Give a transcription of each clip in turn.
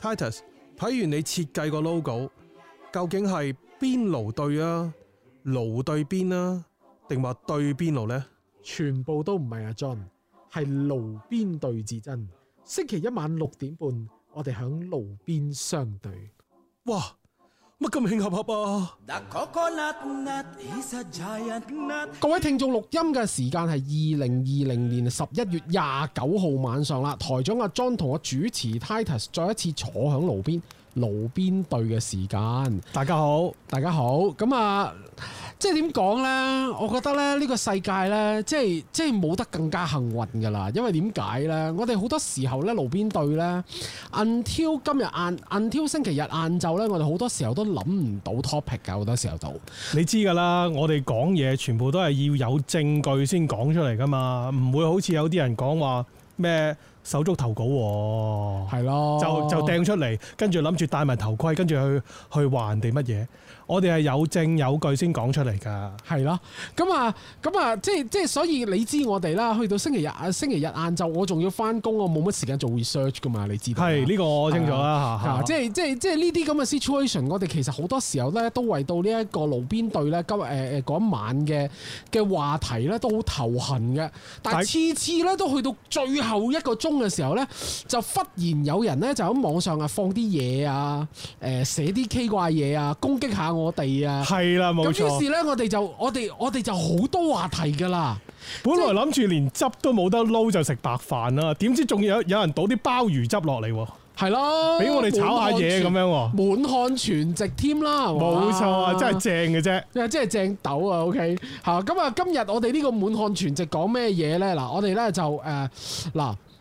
Titus，睇完你設計個 logo，究竟係邊爐對啊，爐對邊啊，定話對邊爐呢？全部都唔係阿 John，o 係爐邊對至真。星期一晚六點半，我哋響爐邊相對。哇！乜咁慶合合噃？各位聽眾，錄音嘅時間係二零二零年十一月廿九號晚上啦。台長阿 John 同我主持 Titus 再一次坐響爐邊。爐邊對嘅時間，大家好，大家好，咁啊，即係點講呢？我覺得咧，呢個世界呢，即係即係冇得更加幸運噶啦。因為點解呢？我哋好多時候邊隊呢，爐邊對呢，until 今日晏，until 星期日晏晝呢，我哋好多時候都諗唔到 topic 噶。好多時候都，你知噶啦，我哋講嘢全部都係要有證據先講出嚟噶嘛，唔會好似有啲人講話咩。手足投稿喎，咯，就就掟出嚟，跟住諗住戴埋頭盔，跟住去去還人哋乜嘢？我哋係有證有據先講出嚟㗎。係咯，咁啊，咁啊，即係即係，所以你知我哋啦。去到星期日啊，星期日晏晝，我仲要翻工，我冇乜時間做 research 噶嘛。你知道。係呢、呢個我清楚啦。嚇、啊啊、即係即係即係呢啲咁嘅 situation，我哋其實好多時候咧，都為到呢一個爐邊對咧，今誒誒嗰晚嘅嘅話題咧，都好頭痕嘅。但係次次咧都去到最後一個鐘嘅時，時候咧，就忽然有人咧就喺網上啊放啲嘢啊，誒、呃、寫啲奇怪嘢啊，攻擊一下我。我哋啊，係啦、啊，冇錯。咁於是咧，我哋就我哋我哋就好多話題噶啦。本來諗住連汁都冇得撈就食白飯啦，點知仲有有人倒啲鮑魚汁落嚟喎。係咯、啊，俾我哋炒下嘢咁樣喎。滿漢全席添啦，冇錯，真係正嘅啫。啊，真係正豆啊，OK。嚇，咁啊，今日我哋呢個滿漢全席講咩嘢咧？嗱，我哋咧就誒嗱。呃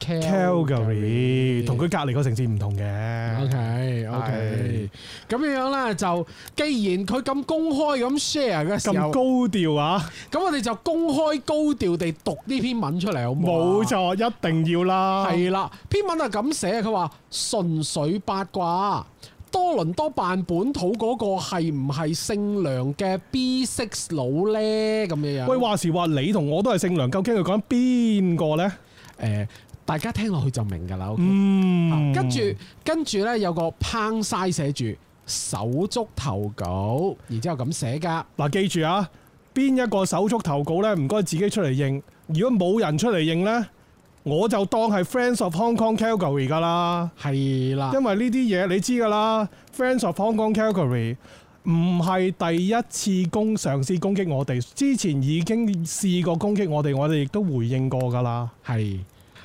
Calgary 同佢隔籬個城市唔同嘅。O K O K，咁樣樣啦，就既然佢咁公開咁 share 嘅時候咁高調啊，咁我哋就公開高調地讀呢篇文出嚟好冇？冇錯，一定要啦。係 啦，篇文係咁寫，佢話純粹八卦，多倫多辦本土嗰個係唔係姓梁嘅 B six 佬咧？咁樣樣。喂，話時話你同我都係姓梁，究竟佢講緊邊個咧？誒、欸。大家聽落去就明㗎啦。OK，跟住跟住呢，有個烹曬寫住手足投稿，然之後咁寫噶嗱、啊。記住啊，邊一個手足投稿呢？唔該自己出嚟認。如果冇人出嚟認呢，我就當係 Friends of Hong Kong Calgary 㗎啦。係啦，因為呢啲嘢你知㗎啦。Friends of Hong Kong Calgary 唔係第一次攻嘗試攻擊我哋，之前已經試過攻擊我哋，我哋亦都回應過㗎啦。係。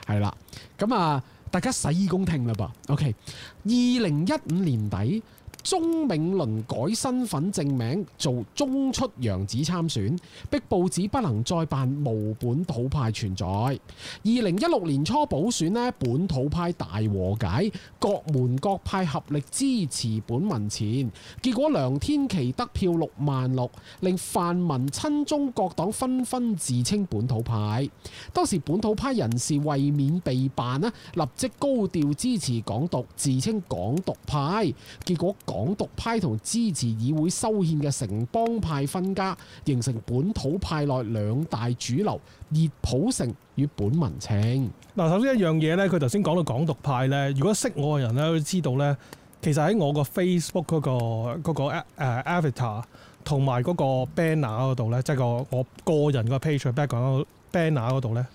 係啦，咁啊，大家洗耳恭聽啦噃。OK，二零一五年底。鍾銘倫改身份證名做中出羊子參選，逼報紙不能再辦，無本土派存在。二零一六年初補選呢，本土派大和解，各門各派合力支持本民前，結果梁天琦得票六萬六，令泛民親中各黨紛紛自稱本土派。當時本土派人士為免被辦呢，立即高調支持港獨，自稱港獨派，結果。港獨派同支持議會修憲嘅城邦派分家，形成本土派內兩大主流，熱普城與本民前。嗱，首先一樣嘢呢，佢頭先講到港獨派呢，如果識我嘅人咧，都知道呢，其實喺我 facebook、嗰個 Facebook 嗰、嗰個嗰個誒 avatar 同埋嗰個 banner 嗰度呢，即係個我個人 page，個 page background banner 嗰度呢。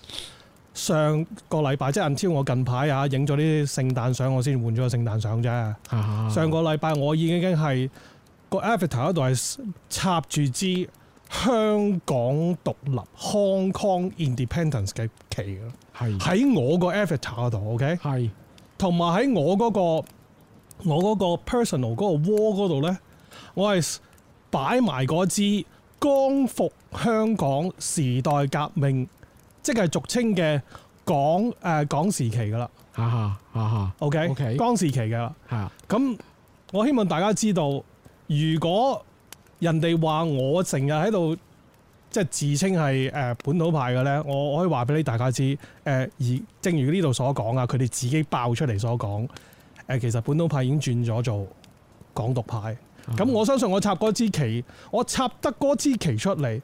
上個禮拜即係 until 我近排嚇影咗啲聖誕相，我先換咗個聖誕相啫、啊。上個禮拜我已經係個 avatar 嗰度係插住支香港獨立 Hong Kong Independence 嘅旗咯。喺我，的 avatar 那裡、okay? 在我那個 avatar 嗰度，OK。係同埋喺我嗰個，那個那裡我嗰個 personal 嗰個 wall 嗰度呢，我係擺埋嗰支光復香港時代革命。即係俗稱嘅港、呃、港時期嘅啦，啊、哈、啊、哈哈哈 OK，港時期嘅啦，咁、啊、我希望大家知道，如果人哋話我成日喺度即係自稱係本土派嘅咧，我我可以話俾你大家知而、呃、正如呢度所講啊，佢哋自己爆出嚟所講、呃、其實本土派已經轉咗做港獨派。咁、啊、我相信我插嗰支旗，我插得嗰支旗出嚟，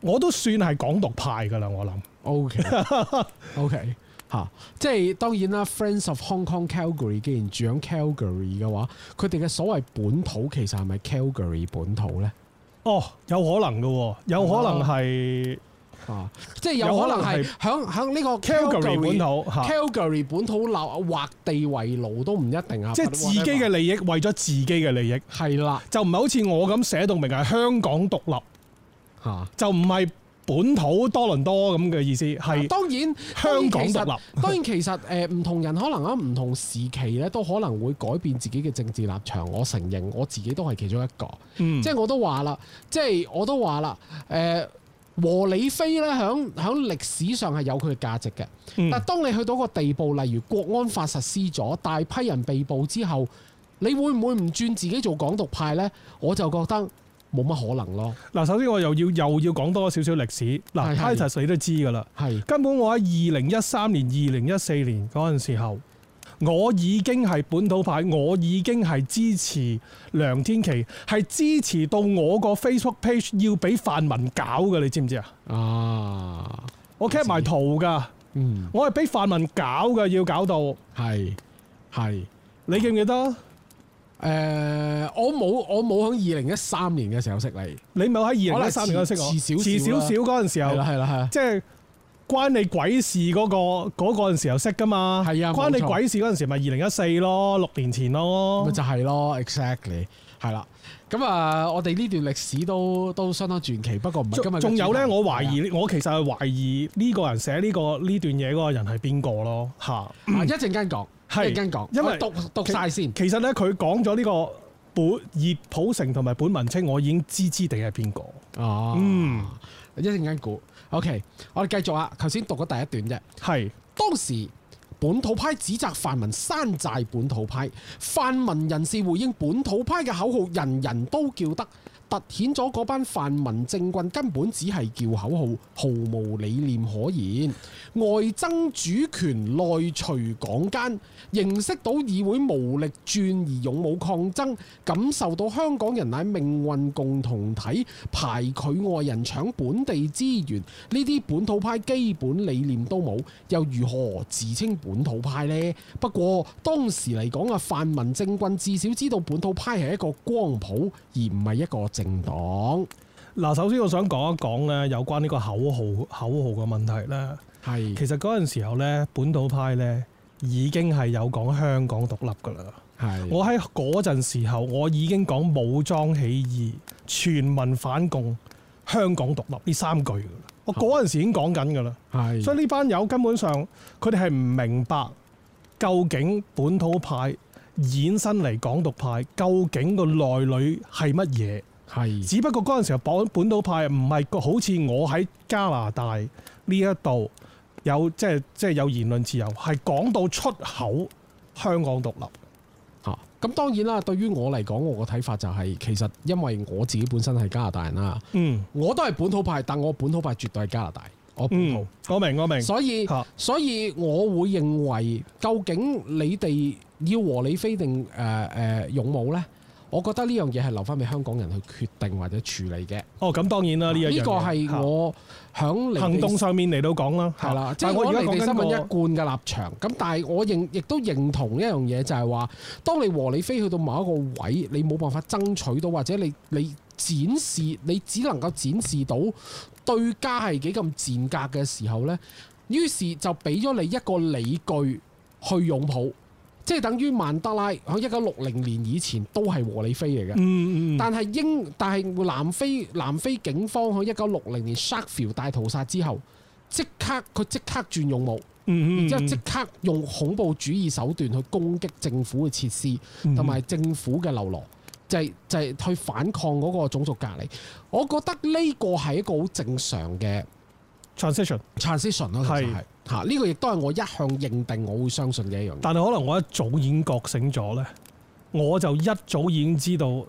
我都算係港獨派嘅啦。我諗。O K，O K，嚇，即係當然啦。Friends of Hong Kong Calgary，既然住響 Calgary 嘅話，佢哋嘅所謂本土其實係咪 Calgary 本土咧？哦，有可能嘅，有可能係啊，啊，即係有可能係響響呢個 Calgary, Calgary 本土、啊、Calgary 本土立劃，劃地為牢都唔一定啊。即係自己嘅利益，whatever. 為咗自己嘅利益，係啦，就唔係好似我咁寫到明係香港獨立嚇、啊，就唔係。.本土多倫多咁嘅意思係當然香港獨立當然，當然，其實誒唔同人可能喺唔同時期咧都可能會改變自己嘅政治立場，我承認我自己都係其中一個，即係、嗯、我都話啦，即、就、係、是、我都話啦，誒、呃、和理非咧響響歷史上係有佢嘅價值嘅，嗯、但當你去到一個地步，例如國安法實施咗，大批人被捕之後，你會唔會唔轉自己做港獨派咧？我就覺得。冇乜可能咯。嗱，首先我又要又要講多少少歷史。嗱，Titus 你都知噶啦。係根本我喺二零一三年、二零一四年嗰陣時候，我已經係本土派，我已經係支持梁天琦，係支持到我個 Facebook page 要俾泛民搞嘅，你知唔知啊？啊！我 cap 埋圖㗎。嗯。我係俾泛民搞嘅，要搞到。係係。你記唔記得？誒、呃，我冇我冇喺二零一三年嘅時候識你，你咪喺二零一三年嘅時候識我遲，遲，遲少少嗰陣時候，係啦係啦，即係關你鬼事嗰、那個嗰、那個時候識噶嘛，係啊，關你鬼事嗰陣時咪二零一四咯，六年前咯，咪就係、是、咯，exactly 係啦。咁啊，uh，我哋呢段歷史都都相當傳奇，不過唔係今日仲有咧，我懷疑、啊、我其實係懷疑呢個人寫呢、這個呢段嘢嗰個人係邊個咯，吓、啊？一陣間講。係一陣間講，因為讀讀晒先。其實咧、這個，佢講咗呢個本葉普成同埋本文清，我已經知知定係邊個。哦、啊，嗯，一陣間估。OK，我哋繼續啊。頭先讀咗第一段啫。係當時本土派指責泛民山寨本土派，泛民人士回應本土派嘅口號，人人都叫得。突顯咗嗰班泛民政棍根本只係叫口號，毫無理念可言。外爭主權，內除港奸。認識到議會無力轉而勇武抗爭，感受到香港人乃命運共同體，排拒外人搶本地資源。呢啲本土派基本理念都冇，又如何自稱本土派呢？不過當時嚟講啊，泛民政棍至少知道本土派係一個光譜，而唔係一個。政黨嗱，首先我想講一講咧，有關呢個口號、口號嘅問題咧。係其實嗰陣時候咧，本土派咧已經係有講香港獨立噶啦。係我喺嗰陣時候，我已經講武裝起義、全民反共、香港獨立呢三句噶啦。我嗰陣時已經講緊噶啦。係所以呢班友根本上佢哋係唔明白，究竟本土派衍生嚟港獨派究竟個內裏係乜嘢？係，只不過嗰陣時候講本土派唔係，好似我喺加拿大呢一度有，即係即係有言論自由，係講到出口香港獨立吓。咁、啊、當然啦，對於我嚟講，我個睇法就係、是，其實因為我自己本身係加拿大人啦，嗯，我都係本土派，但我本土派絕對係加拿大，我明、嗯、我明，我明，所以、啊、所以我會認為，究竟你哋要和理非定誒誒勇武呢？我覺得呢樣嘢係留翻俾香港人去決定或者處理嘅。哦，咁當然啦，呢一樣。呢個係我響行動上面嚟到講啦，係啦。即係我而家講新聞一貫嘅立場。咁但係我認亦都認同一樣嘢，就係話，當你和理非去到某一個位，你冇辦法爭取到，或者你你展示，你只能夠展示到對家係幾咁賤格嘅時候呢，於是就俾咗你一個理據去擁抱。即係等於曼德拉喺一九六零年以前都係和理非嚟嘅，但係英但係南非南非警方喺一九六零年 Sharpeville 大屠殺之後，即刻佢即刻轉用武，然之後即刻用恐怖主義手段去攻擊政府嘅設施同埋、嗯嗯、政府嘅流羅，就係、是、就係、是、去反抗嗰個種族隔離。我覺得呢個係一個好正常嘅 transition transition 咯，係。嚇、啊！呢、這個亦都係我一向認定，我會相信嘅一樣。但係可能我一早已經覺醒咗呢，我就一早已經知道，唔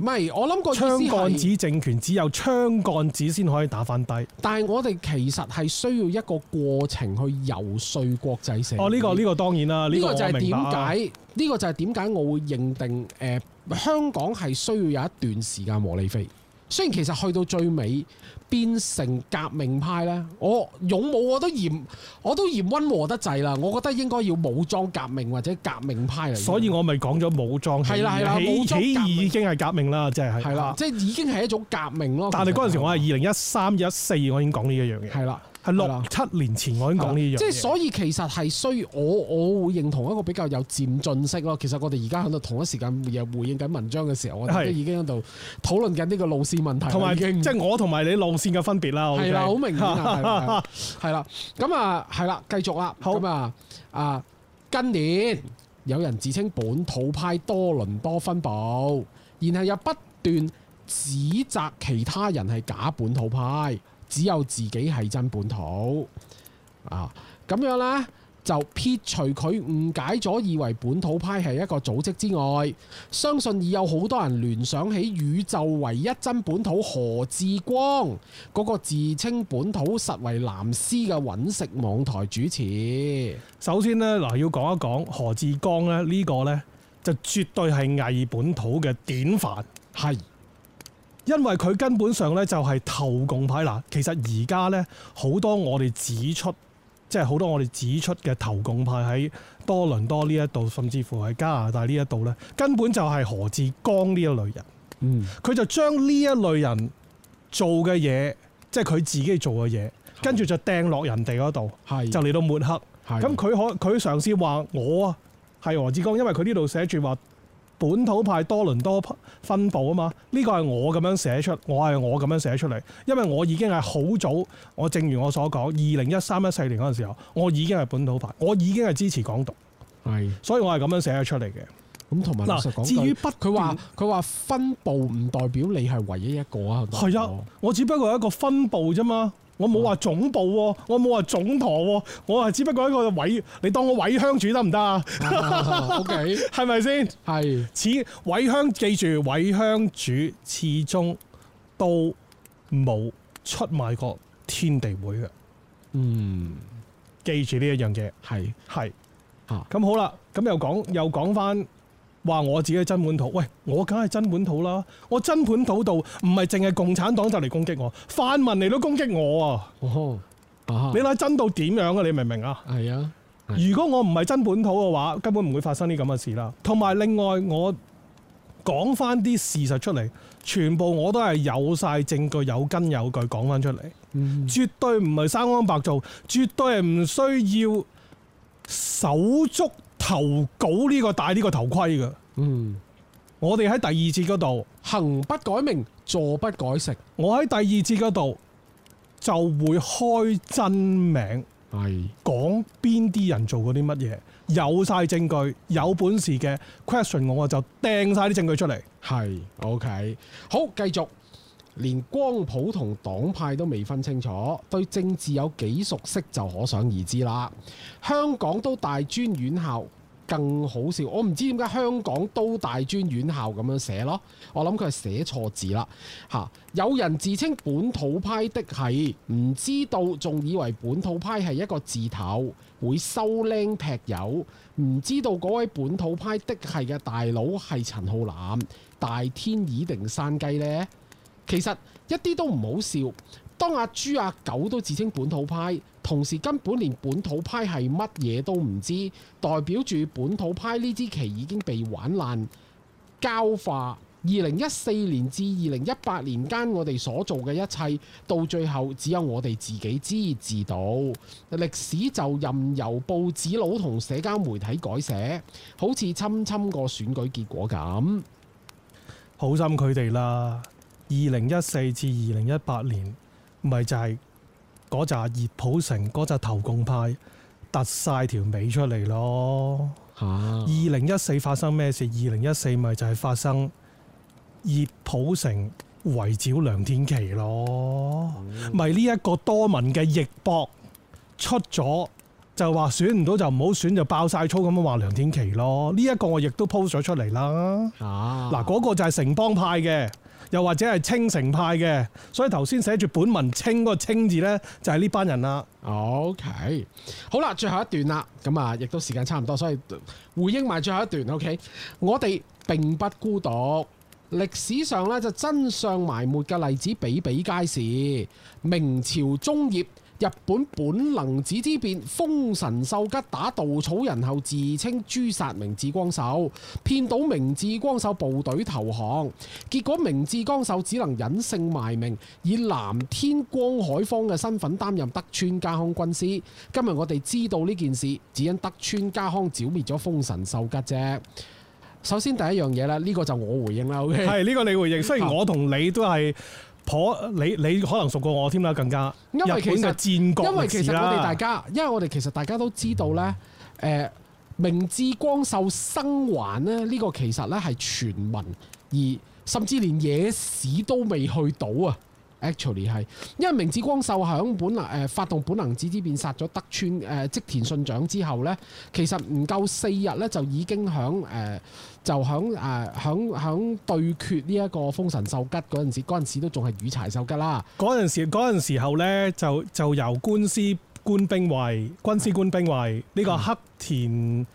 係我諗個槍桿子政權，只有槍桿子先可以打返低。但係我哋其實係需要一個過程去游說國際社會。哦，呢、這個呢、這個當然啦，呢、這個這個就係點解呢個就係點解我會認定誒、呃、香港係需要有一段時間和理非。雖然其實去到最尾。變成革命派咧，我勇武我都嫌，我都嫌溫和得滯啦。我覺得應該要武裝革命或者革命派嚟。所以我咪講咗武裝起起起已經係革命啦，即係係啦，即係已經係一種革命咯。但係嗰陣時我係二零一三、二零一四，我已經講呢一樣嘢。係啦。係六七年前我已經講呢樣，即係所以其實係需我我會認同一個比較有漸進式咯。其實我哋而家喺度同一時間又回應緊文章嘅時候，我哋都已經喺度討論緊呢個路線問題，同埋即係我同埋你路線嘅分別啦。係、okay、啦、 啊，好明顯係啦。咁啊，係啦，繼續啦。咁啊啊，近年有人自稱本土派多倫多分部，然後又不斷指責其他人係假本土派。只有自己係真本土啊！咁樣呢，就撇除佢誤解咗以為本土派係一個組織之外，相信已有好多人聯想起宇宙唯一真本土何志光嗰、嗰個自稱本土實為藍絲嘅揾食網台主持。首先呢，嗱要講一講何志光呢，呢、呢個呢，就絕對係偽本土嘅典範，係。因為佢根本上咧就係投共派嗱，其實而家咧好多我哋指出，即係好多我哋指出嘅投共派喺多倫多呢一度，甚至乎喺加拿大呢一度咧，根本就係何志剛呢一類人。嗯，佢就將呢一類人做嘅嘢，即係佢自己做嘅嘢，跟住就掟落人哋嗰度，就嚟到抹黑。咁佢可佢嘗試話我啊，係何志剛，因為佢呢度寫住話。本土派多倫多分佈啊嘛，呢個係我咁樣寫出，我係我咁樣寫出嚟，因為我已經係好早，我正如我所講，二零一三一四年嗰陣時候，我已經係本土派，我已經係支持港獨，係，所以我係咁樣寫咗出嚟嘅。咁同埋嗱，至於不佢話佢話分佈唔代表你係唯一一個啊，係啊，我只不過係一個分佈啫嘛。我冇話總部，我冇話總舵，我話只不過一個委，你當我委香主得唔得啊？O K，係咪先？係、okay， 此委香，記住，委香主始終都冇出賣過天地會嘅。嗯，記住呢一樣嘢。係，係，吓，咁、啊、好啦，咁又講又講翻。話我自己係真本土，喂，我梗係真本土啦！我真本土度，唔係淨係共產黨就嚟攻擊我，泛民嚟都攻擊我、哦、啊！你睇真到點樣啊？你明唔明啊，係啊，係啊？如果我唔係真本土嘅話，根本唔會發生啲咁嘅事啦。同埋另外，我講翻啲事實出嚟，全部我都係有晒證據，有根有據講翻出嚟、嗯，絕對唔係生安白做，絕對唔需要手足。投稿呢個戴呢個頭盔嘅，嗯，我哋喺第二節嗰度行不改名坐不改姓，我喺第二節嗰度就會開真名，係講邊啲人做過啲乜嘢，有晒證據，有本事嘅 question 我我就掟晒啲證據出嚟。係，OK，好，繼續。連光譜同黨派都未分清楚，對政治有幾熟悉就可想而知啦。香港都大專院校更好笑，我唔知點解香港都大專院校咁樣寫咯。我諗佢係寫錯字啦，啊。有人自稱本土派的係，唔知道仲以為本土派係一個字頭，會收靚劈友。唔知道嗰位本土派的係嘅大佬係陳浩南，大天已定山雞呢。其實一啲都唔好笑，當阿豬、阿狗都自稱本土派，同時根本連本土派係乜嘢都唔知，代表住本土派呢支旗已經被玩爛、膠化。二零一四年至二零一八年間，我哋所做嘅一切，到最後只有我哋自己知知道。歷史就任由報紙佬同社交媒體改寫，好似侵侵個選舉結果咁，好心佢哋啦。二零一四至二零一八年，咪就係嗰紮熱普城嗰紮投共派突晒條尾出嚟咯。吓、啊！二零一四發生咩事？二零一四咪就係發生熱普城圍剿梁天琦咯。咪呢一個多民嘅逆博出咗，就話選唔到就唔好選，就爆晒粗咁樣話梁天琦咯。呢、這、一個我亦都 post 咗出嚟啦。啊！嗱，嗰個就係城邦派嘅。又或者係清城派嘅，所以頭先寫住本文清嗰、那個清字呢，就係、是、呢班人啦。OK，好啦，最後一段啦，咁啊，亦都時間差唔多，所以回應埋最後一段。OK，我哋並不孤獨，歷史上呢，就真相埋沒嘅例子比比皆是。明朝中葉。日本本能寺之變，豐臣秀吉打稻草人後自稱誅殺，明智光秀，騙到明智光秀部隊投降，結果明智光秀只能隱姓埋名，以藍天光海方嘅身份擔任德川家康軍師。今日我哋知道呢件事，只因德川家康剿滅咗豐臣秀吉啫。首先第一樣嘢呢，呢、呢個就我回應啦，係、okay? 呢、呢個你回應。雖然我同你都係。 婆，你你可能熟過我添啦，更加日本嘅戰局，因為其實因為其實我哋大家，因為我哋其實大家都知道咧、嗯呃，明智光秀生還咧呢、呢個其實咧係傳聞，而甚至連野史都未去到啊。Actually 係，因為明智光秀喺本誒、呃、發動本能寺之變殺咗德川誒織、呃、田信長之後呢，其實唔夠四日呢，就已經喺誒、呃、就喺誒喺喺對決呢一個豐臣秀吉嗰陣時，嗰陣時都仲係羽柴秀吉啦。嗰陣時嗰時候呢，就就由官司官兵衛，軍師官兵衛呢、呢個黑田誒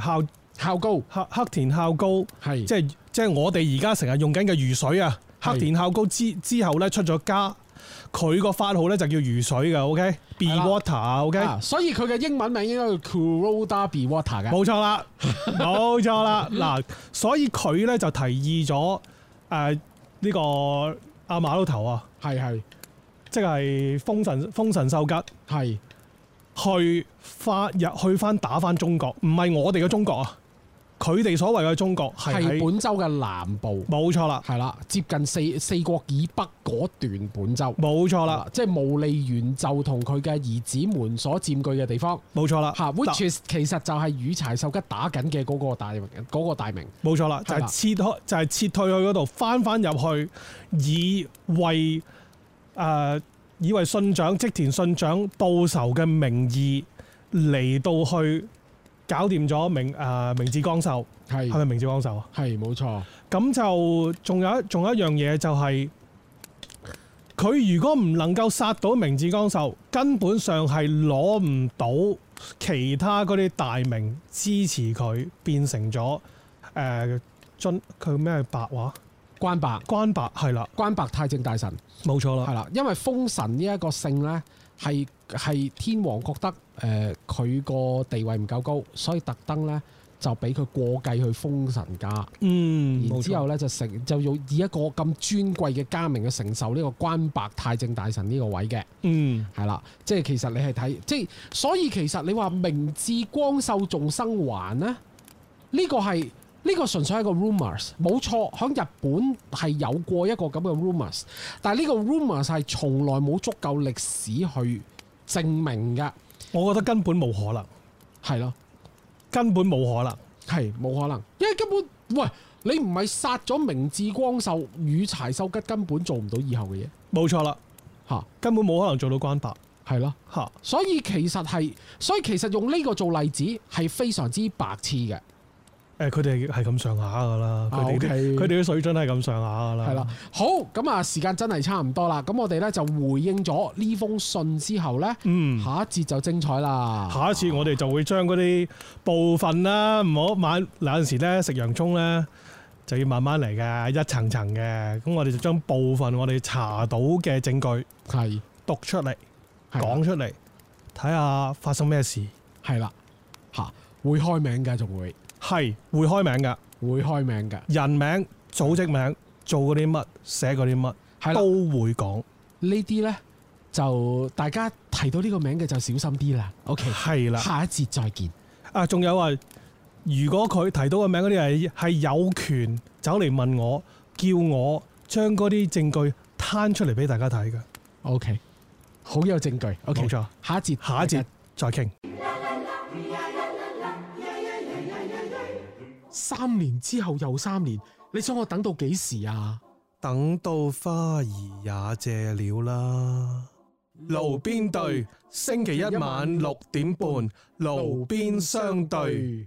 孝孝高，黑，黑田孝高係，即即、即係即係、我哋而家成日用緊嘅如水啊！黑田孝高之之後咧出咗家，佢個法號咧就叫如水嘅，OK，Be、okay? Water，OK，okay? 所以佢嘅英文名應該叫 Kuroda Be Water 嘅。冇 錯啦，冇錯啦。嗱，所以佢咧就提議咗誒呢個阿馬騮頭啊，係係，即係豐臣豐臣秀吉係去發入去返打返中國，唔係我哋嘅中國啊。佢哋所謂嘅中國係本州嘅南部，冇錯啦，係啦，接近四四國以北嗰段本州，冇錯啦，即係毛利元就同佢嘅兒子們所佔據嘅地方，冇錯啦，嚇，which is 其實就係羽柴秀吉打緊嘅嗰個大名嗰個大名，冇、那個、錯啦，就係撤開，就係撤退去嗰度，翻翻入去，以為誒、呃、以為信長、織田信長報仇嘅名義嚟到去。搞掂咗明誒明智光秀，係係咪明智光秀？啊？係冇錯。咁就仲有，有一仲有一樣嘢，就係佢如果唔能夠殺到明智光秀，根本上係攞唔到其他嗰啲大名支持佢，變成咗誒尊佢咩白話關白關白，係啦，關白太政大臣，冇錯啦，係啦，因為豐臣呢一個姓咧。係係天皇覺得誒佢個地位唔夠高，所以特登呢就俾佢過繼去封神家，嗯，然之後呢，錯就承就要以一個咁尊貴嘅家名去承受呢、這個關白太政大臣呢個位嘅，嗯，係啦，即係其實你係睇即係，所以其實你話明智光秀，仲生還呢，呢、這個係。呢個純粹係一個 rumors，冇錯，喺日本係有過一個咁嘅 rumors，但係呢個 rumors 係從來冇足夠歷史去證明嘅。我覺得根本冇可能，係咯，根本冇可能，係冇可能，因為根本喂，你唔係殺咗明智光秀羽柴秀吉根沒了，根本做唔到以後嘅嘢。冇錯啦，嚇，根本冇可能做到關白，係咯，嚇。所以其實係，所以其實用呢個做例子係非常之白痴嘅。誒，佢哋係咁上下噶啦，佢哋啲，佢哋嘅水準係咁上下噶啦。係啦，好，咁啊，時間真係差唔多啦。咁我哋咧就回應咗呢封信之後咧、嗯，下一節就精彩啦。下一次我哋就會將嗰啲部分啦，唔好買。嗱，有陣時咧食洋葱咧，就要慢慢嚟嘅，一層層嘅。咁我哋就將部分我哋查到嘅證據係讀出嚟，講出嚟，睇下發生咩事。係啦，嚇，會開名嘅仲會。係會開名噶，會開名噶。人名、組織名、做嗰啲乜、寫嗰啲乜，都會講。呢啲呢，就大家提到呢個名嘅就小心啲啦。OK，係啦，下一節再見。啊，仲有啊，如果佢提到個名嗰啲係係有權走嚟問我，叫我將嗰啲證據攤出嚟俾大家睇嘅。OK，好有證據。OK，冇錯。下一節，下一節再傾。三年之後又三年，你想我等到幾時啊？等到花兒也謝了啦。爐邊對，星期一晚六點半，爐邊相,相對。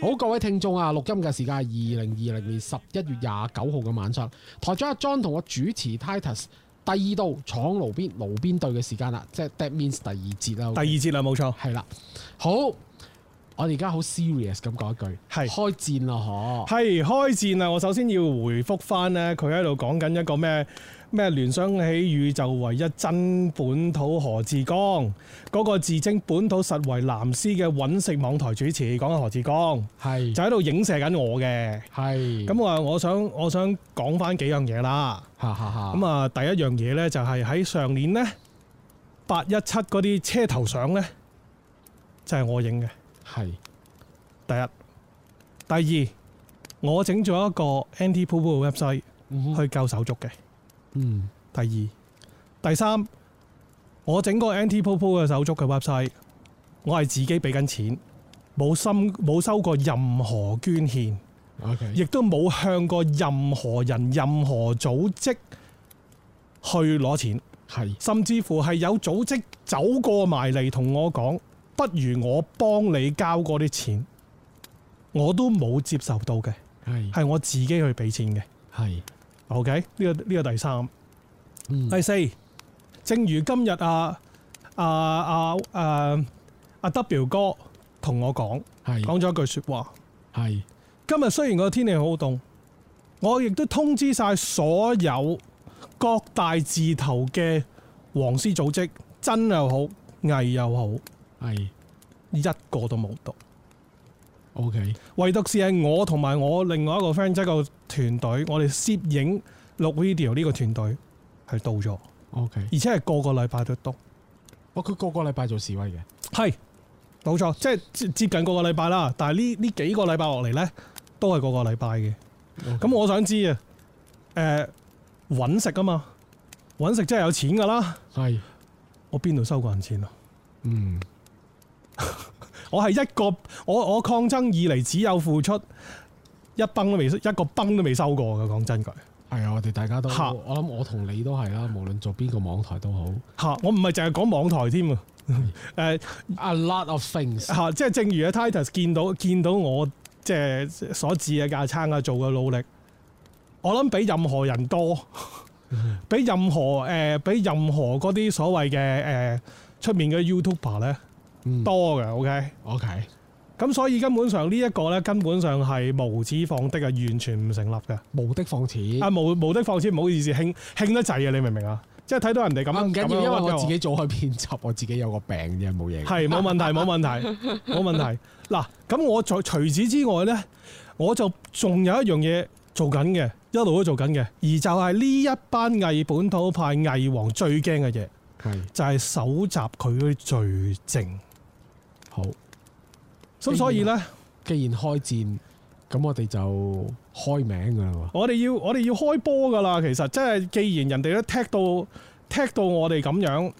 好，各位聽眾啊，錄音嘅時間係二零二零年十一月廿九號嘅晚上。台長阿 John 同我主持 Titus 第二度闖爐邊爐邊對嘅時間啦，即係 That Means 第二節啦。Okay? 第二節啦，冇錯，係啦，好。我而家好 serious 咁講一句，係開戰啦！嗬，係開戰啦！我首先要回覆翻呢，佢喺度講緊一個咩咩聯想起宇宙唯一真本土何志光嗰、那個自稱本土實為藍絲嘅揾食網台主持講緊何志光，係就喺度影射緊我嘅，係咁啊！我想我想講翻幾樣嘢啦，咁 啊，第一樣嘢呢，就係喺上年呢，八一七嗰啲車頭相呢，就係、是、我影嘅。係，第一、第二，我整咗一個 anti-popo website 去救手足嘅。嗯，第二、第三，我整個 anti-popo 嘅手足嘅 website，我係自己俾緊錢，冇收冇收過任何捐獻，亦、okay，都冇向過任何人、任何組織去攞錢。係，甚至乎係有組織走過埋嚟同我講。不如我幫你交嗰啲錢，我都冇接受到嘅，係係我自己去俾錢嘅，係 OK 呢、這個呢、這個第三、嗯，第四，正如今日啊啊啊啊阿、啊、W 哥同我講，講咗句說話，係今日雖然個天氣好凍，我亦都通知晒所有各大字頭嘅黃絲組織，真又好，偽又好。係一個都冇讀，OK。唯獨是係我同埋我另外一個 friend，即係個團隊，我哋攝影錄 video 呢個團隊係到咗，OK。而且係個個禮拜都讀。我、哦、佢個個禮拜做示威嘅，係冇錯，即係、就是、接近個個禮拜啦。但係呢呢幾個禮拜落嚟咧，都係個個禮拜嘅。咁、okay、我想知啊，誒、呃，搵食啊嘛，搵食真係有錢㗎啦。係我邊度收過人錢啊？嗯。 我係一個我我抗爭以嚟只有付出一崩都未一個崩都未收過嘅。講真句係啊，我哋大家都我諗我同你都係啦。 無論做邊個網台都好吓， 我唔係淨係講網台添啊。誒、 呃、，a lot of things 吓、呃、即、就、係、是、正如阿 Titus 見到見到我即係、就是、所做嘅架撐啊，做嘅努力，我諗比任何人多， 比任何誒、呃、比任何嗰啲所謂嘅誒出面嘅 YouTuber 咧。多嘅，OK，OK，、okay? okay、咁所以根本上呢一個呢，根本上係無恥放的啊，完全唔成立嘅。無的放矢啊無，無的放矢，唔好意思，興興得滯啊，你明唔明啊？即係睇到人哋咁，唔、啊、緊要，因為我自己做開編輯，我自己有個病嘅冇嘢。係冇問題，冇問題，冇 問題。嗱，咁、 啊、我除此之外呢，我就仲有一樣嘢做緊嘅，一路都做緊嘅，而就係呢一班偽本土派偽王最驚嘅嘢，就係、是、搜集佢啲罪證。好，咁所以咧，既然開戰，咁我哋就開名噶啦。我哋要我哋要開波噶啦，其實即係既然人哋都踢到踢到我哋咁樣，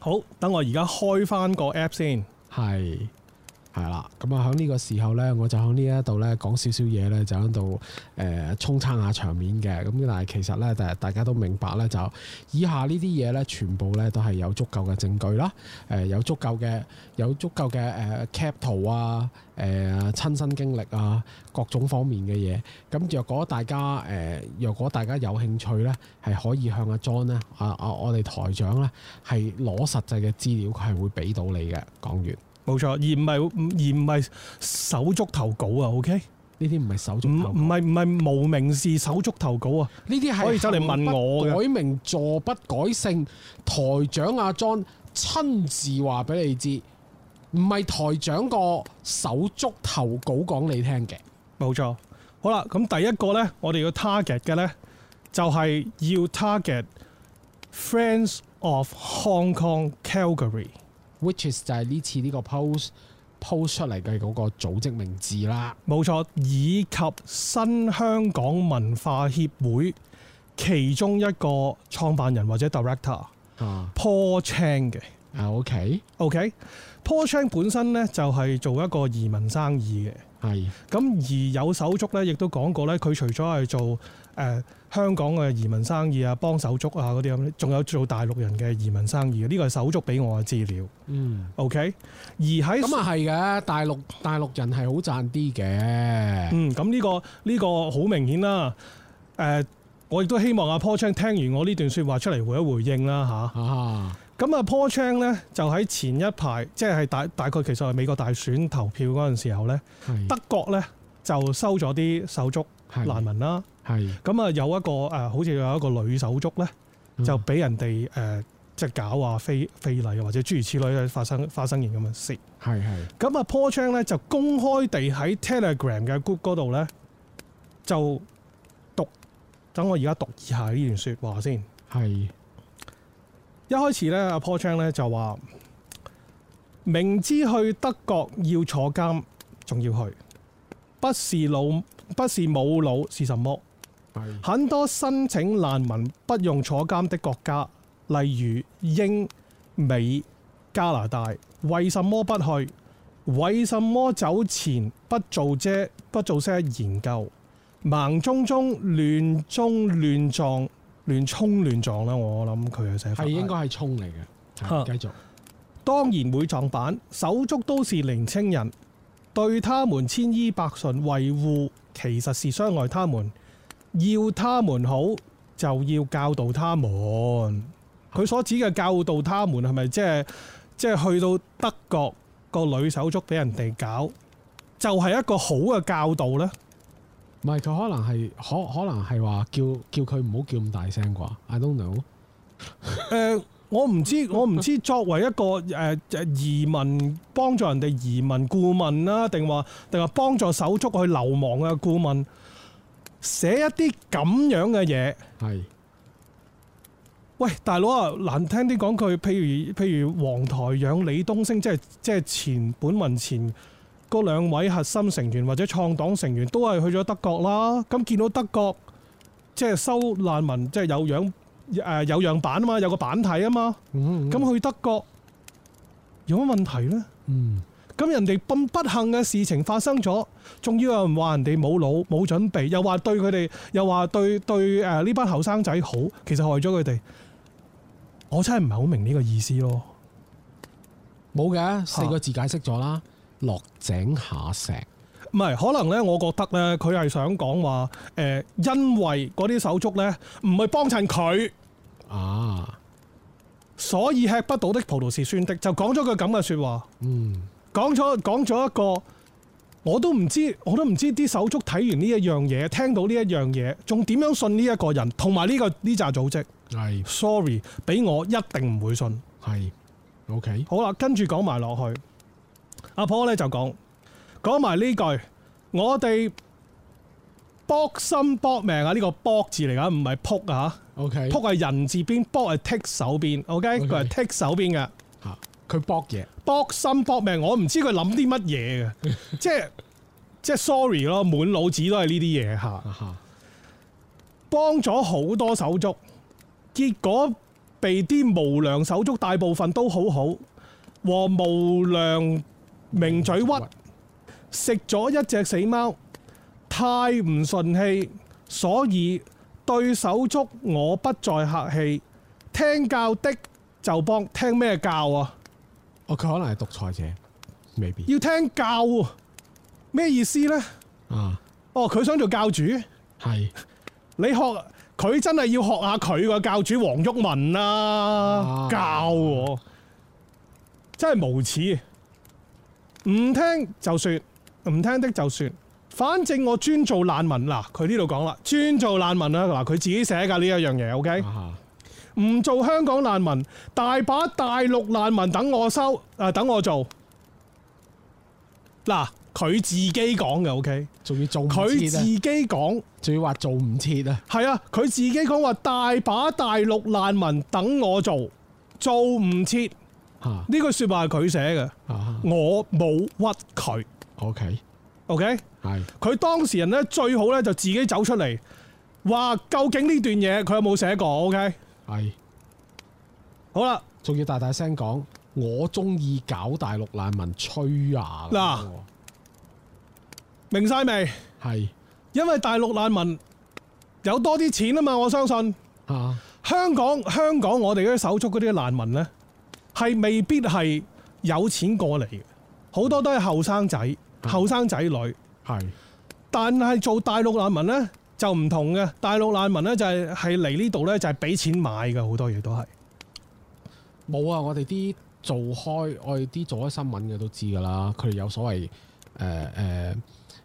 好，等我而家開返個 app 先。係。係啦，咁啊，喺呢個時候呢，我就喺呢一度呢講少少嘢呢，就喺度誒沖撐下場面嘅。咁但係其實呢，大大家都明白呢，就以下呢啲嘢呢，全部呢都係有足夠嘅證據啦。誒、呃，有足夠嘅，有足夠嘅誒 cap 圖啊，誒、呃、親身經歷啊，各種方面嘅嘢。咁若果大家誒，若、呃、果大家有興趣呢，係可以向阿 John 呢、啊、啊啊我哋台長呢，係攞實際嘅資料，佢係會俾到你嘅。講完。冇錯，而唔係而唔係手足投稿啊，OK？呢啲唔係手足投稿。唔唔係唔係無名氏手足投稿啊。呢啲係可以走嚟問我嘅。改名坐不改姓，台長阿 John 親自話俾你知，唔係台長個手足投稿講你聽嘅。冇錯。好啦，咁第一個咧，我哋要 target 嘅咧，就係要 target Friends of Hong Kong Calgary。Which is 就係呢次呢個 post post 出嚟嘅嗰個組織名字啦。冇錯，以及新香港文化協會其中一個創辦人或者 director 啊，Paul Chang 嘅。OK，OK。Paul Chang 本身呢就係做一個移民生意嘅。係。咁而有手足呢，亦都講過呢，佢除咗係做誒、香港嘅移民生意啊，幫手足啊嗰啲咁，仲有做大陸人嘅移民生意嘅，呢個係手足俾我嘅資料。嗯，OK 而。而喺咁啊，係嘅，大陸大陸人係好賺啲嘅。嗯，咁呢、這個呢、這個好明顯啦。誒、呃，我亦都希望阿 Po 窗聽完我呢段説話出嚟回一回應啦嚇。啊，咁啊，Po 窗咧就喺前一排，即、就、係、是、大大概其實係美國大選投票嗰陣時候呢，德國呢，就收咗啲手足難民啦。係咁啊！有一個誒，好似有一個女手足咧、嗯，就俾人哋誒即係搞啊，非非禮，或者諸如此類嘅發生發生嘅咁樣事。係係咁啊！Paul Chang 咧就公開地喺 Telegram 嘅 group 嗰度咧就讀，等我而家讀以下呢段説話先。係一開始咧，阿 Paul Chang 咧就話明知去德國要坐監，仲要去不是老不是冇老是什麼？很多申請難民不用坐監的國家，例如英美加拿大，為什麼不去？為什麼走前不做遮，不做些研究，盲中中亂中亂撞亂沖亂撞呢？我諗佢嘅寫法係應該係沖嚟嘅。繼、 嗯、續，當然會撞板，手足都是年青人，對他們千依百順維護，其實是傷害他們。要他們好，就要教導他們。佢所指嘅教導他們是不是、就是，係咪即係即係去到德國個女手足俾人哋搞，就係、是、一個好嘅教導咧？唔係，佢可能係可可能係話叫叫佢唔好叫咁大聲啩？I don't know、呃。誒，我唔知我唔知作為一個誒誒、呃、移民幫助人哋移民顧問啦，定話定話幫助手足去流亡嘅顧問。寫一啲咁樣嘅嘢，係喂，大佬啊，難聽啲講句，譬如譬如黃台仰、李東昇，即係即係前本民前嗰兩位核心成員或者創黨成員都係去咗德國啦。咁見到德國即係收難民，即係有樣誒有樣板啊嘛，有個版體啊嘛。咁去德國有乜問題呢？嗯。嗯嗯咁人哋咁不幸嘅事情發生咗，仲要有人話人哋冇腦冇準備，又話對佢哋，又話對對誒呢班後生仔好，其實害咗佢哋。我真係唔係好明呢個意思咯。冇嘅，四個字解釋咗啦。啊。落井下石。唔係，可能呢，我覺得呢，佢係想講話誒，因為嗰啲手足呢，唔係幫襯佢啊，所以吃不到的葡萄是酸的，就講咗句咁嘅說話。嗯。講咗講咗一個，我都唔知我都唔知啲手足睇完呢一樣嘢，聽到呢一樣嘢，仲點樣信呢一個人，同埋呢個呢扎組織？係，sorry，俾我一定唔會信。係，OK，好啦，跟住講埋落去，阿婆咧就講講埋呢句，我哋搏心搏命，這個 okay，啊！呢個搏字嚟噶，唔係撲啊 OK，撲係人字邊，搏係剔手邊。OK，佢係剔手邊嘅嚇。去搏嘢，搏心搏命，我唔知佢諗啲乜嘢嘅，即係即係 sorry 咯，滿腦子都係呢啲嘢吓。幫咗好多手足，結果被啲無良手足大部分都好好和無良名嘴屈食咗一隻死貓，太唔順氣，所以對手足我不再客氣。聽教的就幫，聽咩教啊？哦，佢可能係獨裁者，未必要聽教，咩意思咧？啊，哦，佢想做教主，係你學佢真係要學下佢個教主黃旭文啊，啊教啊真係無恥，唔聽就算，唔聽的就算，反正我專做難民。嗱、啊，佢呢度講啦，專做難民啦，嗱、啊，佢自己寫噶呢一樣嘢，OK、啊。唔做香港難民，大把大陸難民等我收，誒、啊、等我做嗱。佢、啊、自己講嘅，OK，仲要做佢自己講，仲要話做唔切啊？係啊，佢自己講話大把大陸難民等我做，做唔切吓。呢句、這個、說話係佢寫嘅，我冇屈佢。OK，OK，、okay? okay? 係佢當事人呢最好呢就自己走出嚟話究竟呢段嘢佢有冇寫過？OK。係，好啦，仲要大大聲講，我中意搞大陸難民吹啊！嗱，明晒未？係，因為大陸難民有多啲錢啊嘛，我相信。啊、香港香港我哋嗰啲手足嗰啲難民呢，係未必係有錢過嚟，好多都係後生仔、後生仔女。係、啊，但係做大陸難民呢。就唔同嘅，大陸難民咧就係係嚟呢度咧就係俾錢買嘅，好多嘢都係。冇啊！我哋啲做開我哋啲做開新聞嘅都知噶啦，佢哋有所謂誒誒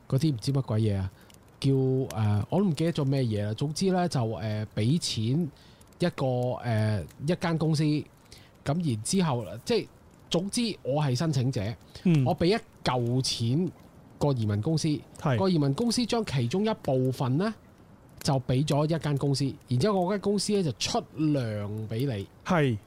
嗰啲唔知乜鬼嘢啊，叫誒、呃、我都唔記得咗咩嘢啦。總之咧就誒俾、呃、錢一個誒、呃、一間公司，咁然之後即係總之我係申請者，嗯、我俾一嚿錢。個移民公司，個係移民公司將其中一部分呢，就俾咗一間公司，然之後嗰間公司咧就出糧俾你，係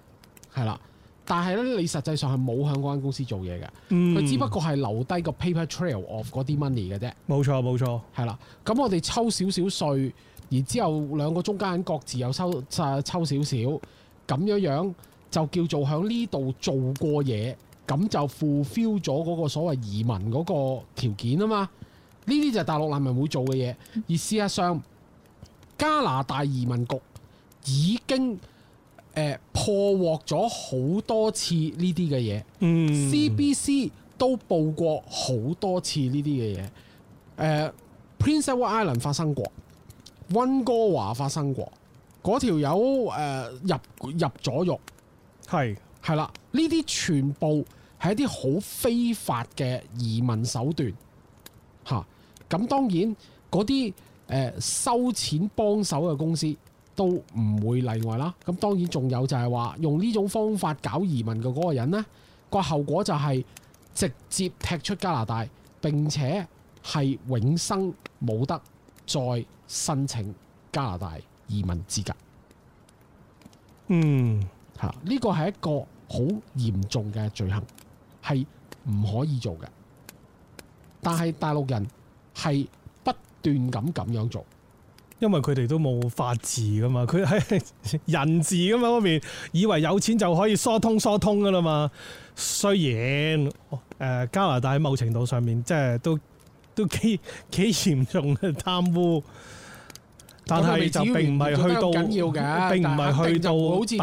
係啦。但係咧，你實際上係冇響嗰間公司做嘢嘅，佢、嗯、只不過係留低個 paper trail of 嗰啲 money 嘅啫。冇錯冇錯，係啦。咁我哋抽少少稅，然之後兩個中間人各自又收啊抽少少，咁樣樣就叫做響呢度做過嘢。咁就 fulfill 咗嗰個所謂移民嗰個條件啊嘛，呢啲就係大陸難民會做嘅嘢。嗯，而事實上加拿大移民局已經誒、呃、破獲咗好多次呢啲嘅嘢，CBC 都報過好多次呢啲嘅嘢，誒、呃、Prince Edward Island 發生過，溫哥華發生過，嗰條友誒入入咗獄，係係啦，呢啲全部。係一啲好非法嘅移民手段，吓、啊、咁當然嗰啲誒收錢幫手嘅公司都唔會例外啦。咁當然仲有就係話用呢種方法搞移民嘅嗰個人呢，個後果就係直接踢出加拿大，並且係永生冇得再申請加拿大移民資格。嗯，吓呢個係一個好嚴重嘅罪行。係唔可以做嘅，但係大陸人係不斷咁咁樣做，因為佢哋都冇法治噶嘛，佢喺人治噶嘛方面，以為有錢就可以疏通疏通噶啦嘛。雖然誒、呃、加拿大喺某程度上面即係都都幾幾嚴重嘅貪污，但係就並唔係去到，並唔係去到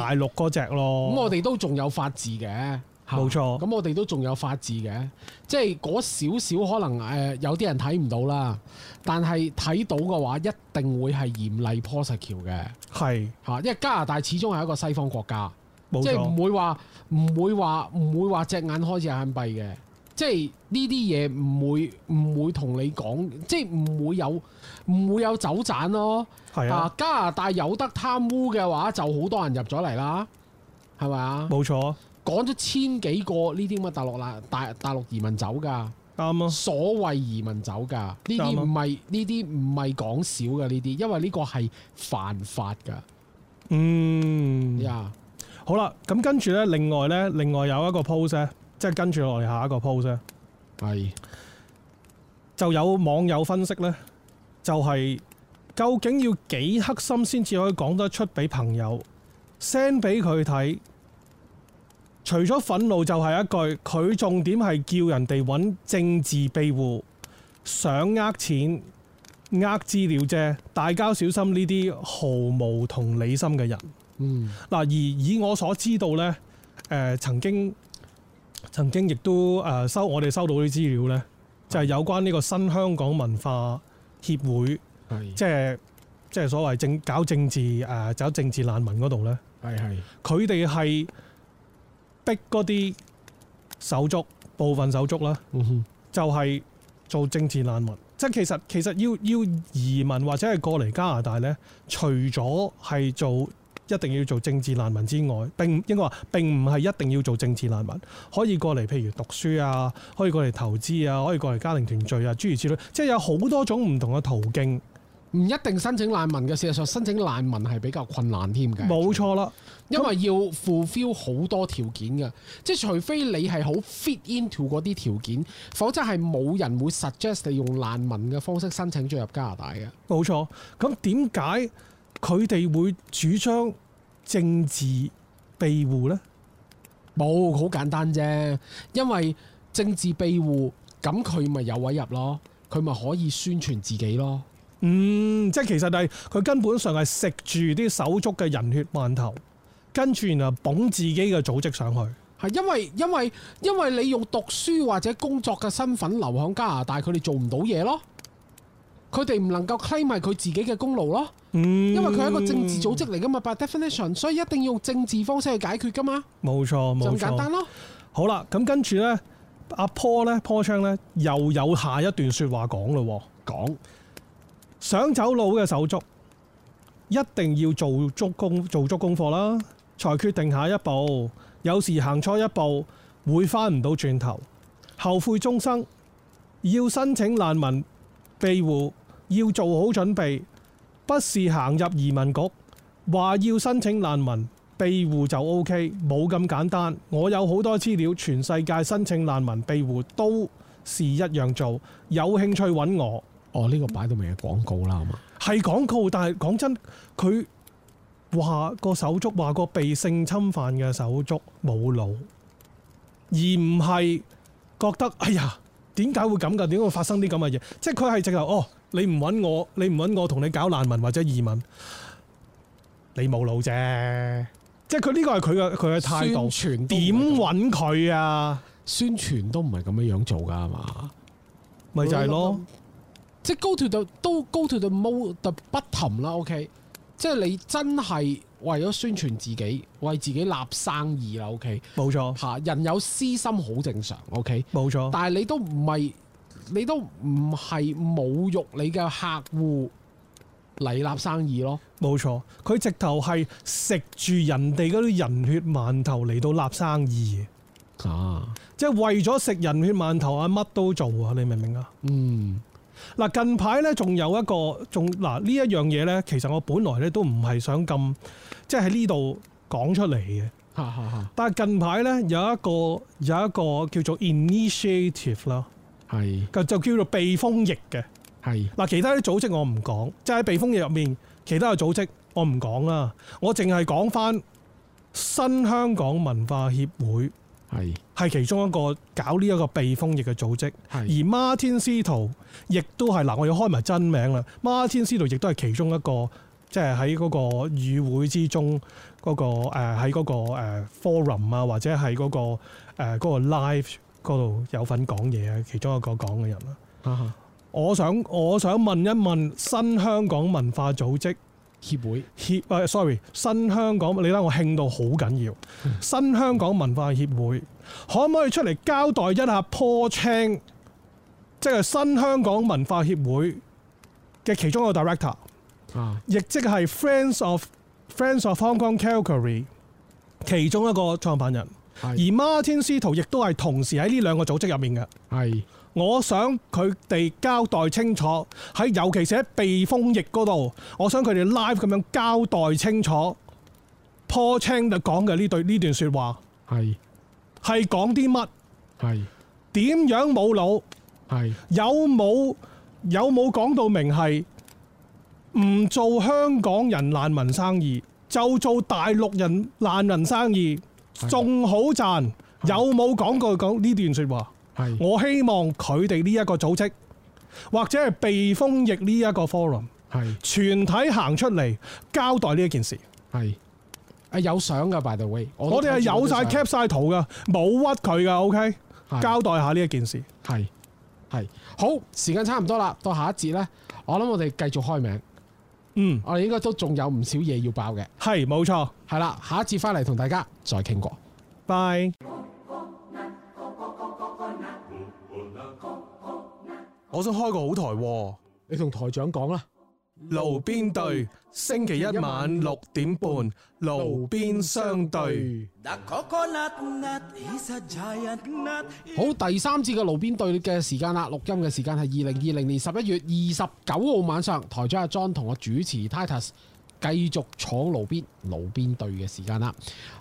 大陸嗰隻咯。咁我哋都仲有法治嘅。冇、啊、錯，咁、啊、我哋都仲有法治嘅，即係嗰少少可能誒、呃，有啲人睇唔到啦。但係睇到嘅話，一定會係嚴厲 prosecute 嘅，係嚇、啊。因為加拿大始終係一個西方國家，即係唔會話唔會話唔會話隻眼開隻眼閉嘅，即係呢啲嘢唔會唔會同你講，即係唔會有唔會有走盞咯。係啊，啊，加拿大有得貪污嘅話，就好多人入咗嚟啦，係咪啊？冇錯。講咗千幾個呢啲咁嘅大陸啦，大大陸移民走噶，啱咯、啊。所謂移民走噶，呢啲唔係呢啲唔係講少噶呢啲，因為呢個係犯法噶。嗯呀、yeah，好啦，咁跟住呢，另外呢，另外有一個 post 即係跟住落嚟下一個 post 咧，係就有網友分析呢，就係、是、究竟要幾黑心先至可以講得出俾朋友 send 俾佢睇。除咗憤怒，就係一句佢重點係叫人哋揾政治庇護，想呃錢呃資料啫。大家小心呢啲毫無同理心嘅人。嗯，嗱，而以我所知道呢，誒、呃、曾經曾經亦都誒收我哋收到啲資料呢，就係、是、有關呢個新香港文化協會，即係即係所謂政搞政治誒搞政治難民嗰度呢，係係佢哋係。逼嗰啲手足，部分手足啦、嗯，就係、是、做政治難民。即係其實其實要要移民或者係過嚟加拿大呢，除咗係做一定要做政治難民之外，並應該話並唔係一定要做政治難民，可以過嚟譬如讀書啊，可以過嚟投資啊，可以過嚟家庭團聚啊，諸如此類，即係有好多種唔同嘅途徑。唔一定申請難民嘅，事實上申請難民係比較困難添嘅。冇錯啦，因為要 fulfill 好多條件嘅，即係除非你係好 fit into 嗰啲條件，否則係冇人會 suggest 你用難民嘅方式申請進入加拿大嘅。冇錯，咁點解佢哋會主張政治庇護呢？冇，好簡單啫，因為政治庇護，咁佢咪有位入咯，佢咪可以宣傳自己咯。嗯，即係其實係佢根本上係食住啲手足嘅人血饅頭，跟住然後捧自己嘅組織上去，係因為因為因為你用讀書或者工作嘅身份留喺加拿大，佢哋做唔到嘢咯，佢哋唔能夠 claim 埋佢自己嘅功勞咯，嗯，因為佢係一個政治組織嚟㗎嘛，By definition，所以一定要用政治方式去解決噶嘛，冇錯冇錯，咁簡單咯。好啦，咁跟住呢，阿 Paul 呢，Paul 昌呢，又有下一段説話講嘞，講。想走佬嘅手足，一定要做足功做足功課啦，才決定下一步。有時行錯一步，會返唔到轉頭，後悔終生。要申請難民庇護，要做好準備。不是行入移民局，話要申請難民庇護就 OK，冇咁簡單。我有好多資料，全世界申請難民庇護都是一樣做。有興趣揾我。哦，呢、這個擺到明嘅廣告啦，係嘛？係廣告，但係講真，佢話個手足，話個被性侵犯嘅手足冇腦，而唔係覺得哎呀，點解會咁噶？點解會發生啲咁嘅嘢？即係佢係直頭哦，你唔揾我，你唔揾我，同你搞難民或者移民，你冇腦啫。即係佢呢個係佢嘅佢嘅態度，傳，點揾佢啊？宣傳都唔係咁樣樣做噶，係嘛、就是？咪就係咯。即係高調到都高調到冇到不談啦，OK？即係你真係為咗宣傳自己，為自己立生意啦，OK？冇錯，吓人有私心好正常，OK？冇錯，但係你都唔係你都唔係侮辱你嘅客戶嚟立生意咯，冇錯。佢直頭係食住人哋嗰啲人血饅頭嚟到立生意，吓、啊，即係為咗食人血饅頭啊，乜都做啊，你明唔明啊？嗯。嗱，近排咧仲有一個，仲嗱呢一樣嘢咧，其實我本來咧都唔係想咁即係喺呢度講出嚟嘅。嚇 但係近排咧有一個，有一個叫做 initiative 啦，係就叫做避風翼嘅。係嗱，其他啲組織我唔講，即係喺避風翼入面其他嘅組織我唔講啦，我淨係講翻新香港文化協會。係，係其中一個搞呢一個避風翼嘅組織，是而孖天師徒亦都係，嗱，我要開埋真名啦。孖天師徒亦都係其中一個，即係喺嗰個與會之中嗰、嗰個喺嗰、呃嗰個、呃、forum 啊，或者係嗰、嗰個誒、呃嗰個、live 嗰度有份講嘢嘅其中一個講嘅人啦。Uh -huh. 我想我想問一問新香港文化組織。協會，協 sorry 新香港，你睇我興到好緊要。新香港文化協會可唔可以出嚟交代一下，Paul Cheng 即係新香港文化協會嘅其中一個 director，亦即係 Friends of Friends of Hong Kong Calgary 其中一個創辦人，係，而 Martin 司徒亦都係同時喺呢兩個組織入面嘅。係。我想佢哋交代清楚，喺尤其係避風邑嗰度，我想佢哋 live 咁樣交代清楚，破青就講嘅呢對呢段說話係係講啲乜？係點樣冇腦？係有冇有冇講到明係唔做香港人難民生意，就做大陸人難民生意仲好賺？有冇講過講呢段說話？係，我希望佢哋呢一個組織或者係被封亦呢一個 forum，係全體行出嚟交代呢一件事。係，啊有相噶，by the way，我哋係有晒 cap 晒圖噶，冇屈佢噶，OK，交代下呢一件事。係，係，好，時間差唔多啦，到下一節咧，我諗我哋繼續開名。嗯，我哋應該都仲有唔少嘢要爆嘅。係，冇錯。係啦，下一節翻嚟同大家再傾過。拜。我想開個好台、哦，你同台長講啦。爐邊對星期一晚六點半，爐邊相對。好，第三次嘅爐邊對嘅時間啦，錄音嘅時間係二零二零年十一月二十九號晚上。台長阿 John 同我主持 Titus，繼續闖爐邊爐邊對嘅時間啦。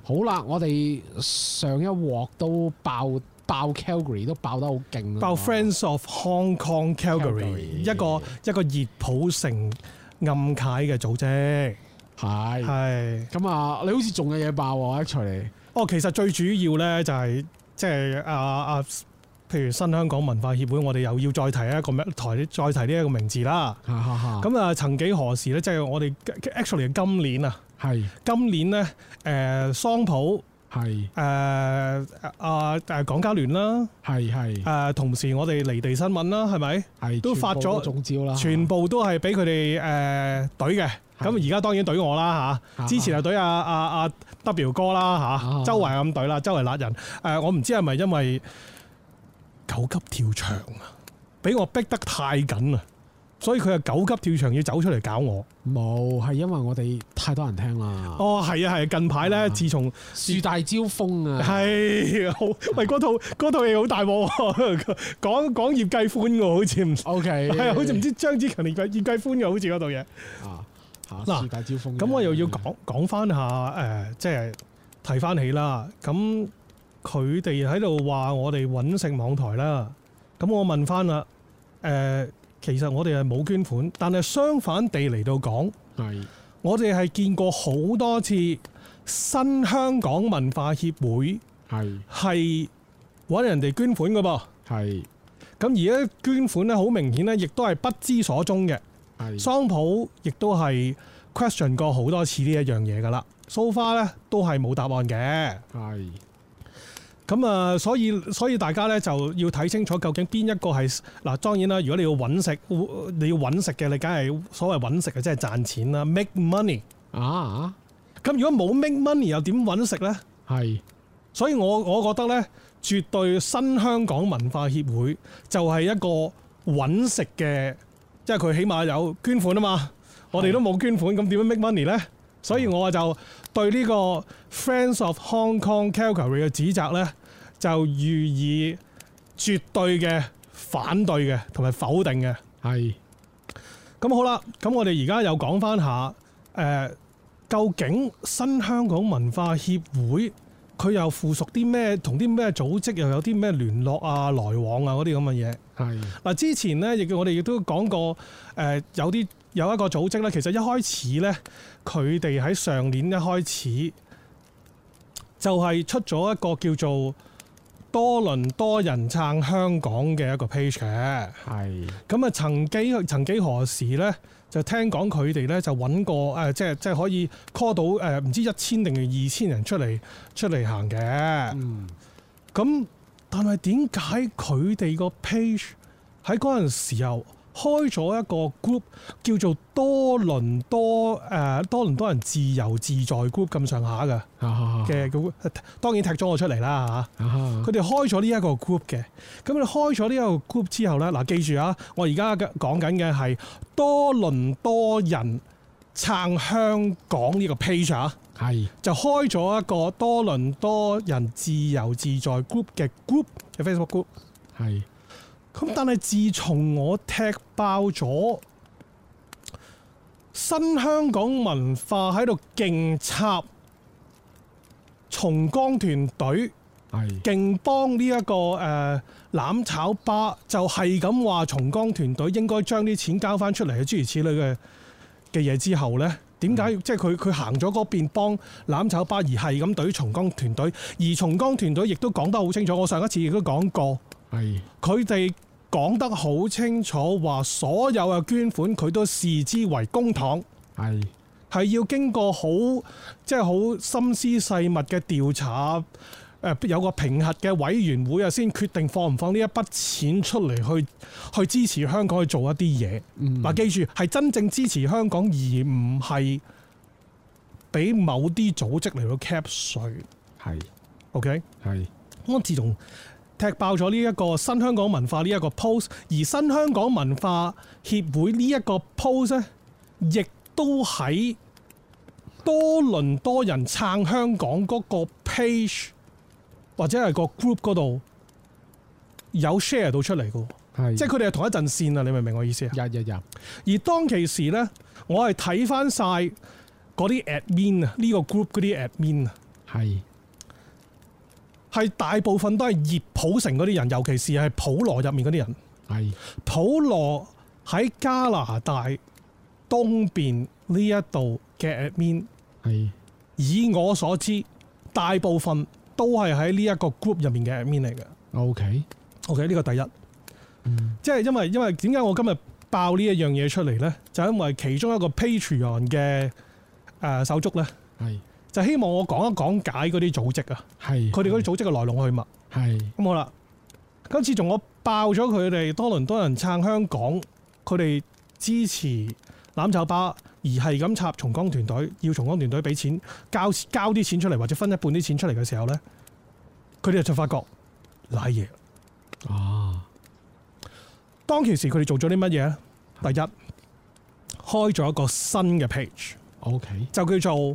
好啦，我哋上一鑊都爆。爆 Calgary 都爆得好勁，爆 Friends of Hong Kong Calgary，Calgary 一個一個熱普城暗楷嘅組織，係係咁啊！你好似仲有嘢爆喎，actually 哦，其實最主要咧就係即係啊啊，譬如新香港文化協會，我哋又要再提一個台再提呢一個名字啦，咁 啊，曾幾何時咧？即、就、係、是、我哋 actually 今年啊，係今年咧，誒、呃、桑普。係誒、呃、啊，啊！港交聯啦，係係、啊、同時我哋離地新聞啦，係咪？係都發咗中招啦，全部都係俾佢哋誒懟嘅。咁而家當然懟我啦嚇，之前就懟阿阿阿 W 哥啦嚇，周圍暗懟啦，周圍拉人。啊、我唔知係咪因為九級跳牆啊，俾我逼得太緊啊！所以佢啊，狗急跳牆，要走出嚟搞我，冇係因為我哋太多人聽啦。哦，係啊，係啊，近排咧，自從樹大招風啊，是，係，喂，嗰套嗰套嘢好大鑊，講講葉繼歡好似唔，OK，係啊，好似唔知張子強定葉葉繼歡嘅，好似嗰套嘢啊，吓，樹大招風。咁我又要講講翻下，誒、呃，即、就、係、是、提翻起啦。咁佢哋喺度話我哋搵食網台啦。咁我問翻啦，誒、呃。其實我哋係冇捐款，但係相反地嚟到講，我哋係見過好多次新香港文化協會係係揾人哋捐款㗎噃，係咁而家捐款咧，好明顯咧，亦都係不知所終嘅不知所蹤。桑普亦都係 question 過好多次呢一樣嘢噶啦，so far 咧都係冇答案嘅。咁啊，所以所以大家咧就要睇清楚究竟邊一個係？嗱，當然啦，如果你要揾食，你要揾食嘅，你梗係所謂揾食嘅，即係賺錢啦，make money 啊！咁如果冇 make money 又點揾食呢？係，所以我我覺得呢，絕對新香港文化協會就係一個揾食嘅，因為佢起碼有捐款啊嘛，我哋都冇捐款，咁點樣 make money 呢？所以我就對呢個 Friends of Hong Kong Calgary 嘅指責呢。就寓意絕對嘅反對嘅，同埋否定嘅，係。咁好啦，咁我哋而家又講返下，誒、呃，究竟新香港文化協會佢又附屬啲咩，同啲咩組織又有啲咩聯絡啊、來往啊嗰啲咁嘅嘢。係。嗱，之前呢，亦我哋亦都講過，誒、呃，有啲有一個組織呢，其實一開始呢，佢哋喺上年一開始就係出咗一個叫做。多倫多人撐香港嘅一個 page 嘅，係，咁啊曾幾曾幾何時呢，就聽講佢哋呢，就揾過誒，即係即係可以 call 到誒，唔、呃、知一千定係二千人出嚟出嚟行嘅，嗯，咁但係點解佢哋個 page 喺嗰陣時候，開咗一個 group 叫做多倫多誒、呃、多倫多人自由自在 group 咁上下嘅嘅，當然踢咗我出嚟啦嚇。佢、oh, 哋、oh, oh. 開咗呢一個 group 嘅，咁佢開咗呢一個 group 之後呢，嗱、啊、記住啊，我而家講緊嘅係多倫多人撐香港呢個 page 啊，就開咗一個多倫多人自由自在 group 嘅 group 嘅 Facebook group，咁但係，自從我踢爆咗新香港文化喺度勁插重光團隊，係勁幫呢、這、一個誒、啊、攬炒巴，就係咁話重光團隊應該將啲錢交翻出嚟嘅諸如此類嘅嘅嘢之後呢？點解、嗯、即係佢佢行咗嗰邊幫攬炒巴，而係咁對重光團隊，而重光團隊亦都講得好清楚。我上一次亦都講過，係佢哋，講得好清楚，話所有嘅捐款佢都視之為公帑，係係要經過好即係好心思細密嘅調查，有個評核嘅委員會啊，先決定放唔放呢一筆錢出嚟去去支持香港去做一啲嘢。嗱、嗯啊、記住係真正支持香港，而唔係俾某啲組織嚟到 cap 稅。係，OK 係。我自從踢爆咗呢一個新香港文化呢一個 post 而新香港文化協會呢一個 post 咧，亦都喺多倫多人撐香港嗰個 page 或者係個 group 嗰度有 share 到出嚟嘅，即係佢哋係同一陣線啊！你明唔明我意思啊？有有。有！而當其時咧，我係睇翻晒嗰啲 admin 啊，呢個 group 嗰啲 admin 啊，係。係大部分都係熱普城嗰啲人，尤其是係普羅入面嗰啲人。係普羅喺加拿大東邊呢一度嘅 admin，係以我所知，大部分都係喺呢一個 group 入面嘅 admin 嚟嘅。O K，O K，呢個第一，即、嗯、係、就是、因為因為點解我今日爆呢一樣嘢出嚟呢？就因為其中一個 Patreon 嘅誒手足呢。係。就是、希望我講一講解嗰啲組織啊，佢哋嗰啲組織嘅來龍去脈。係咁好啦。今次仲我爆咗佢哋多倫多人撐香港，佢哋支持攬炒巴，而係咁插重光團隊，要重光團隊俾錢交交啲錢出嚟，或者分一半啲錢出嚟嘅時候呢，佢哋就發覺瀨嘢。啊！哦、當其時佢哋做咗啲乜嘢？第一，開咗一個新嘅 page。OK，就叫做。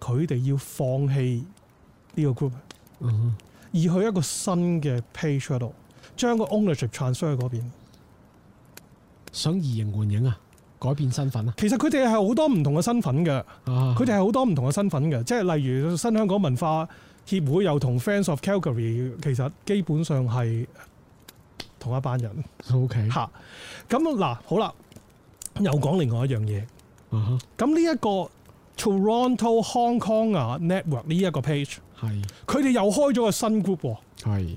佢哋要放棄呢個 group，uh -huh. 而去一個新嘅 page 度，將個 ownership transfer 喺嗰邊，想移形換影啊，改變身份啊。其實佢哋係好多唔同嘅身份嘅，佢哋係好多唔同嘅身份嘅，即係例如新香港文化協會又同 fans of Calgary，其實基本上係同一班人。OK，嚇、啊，咁嗱，好啦，又講另外一樣嘢。咁呢一個。Toronto、Hong Kong 啊，network 呢一個 page，係佢哋又開咗個新 group 喎，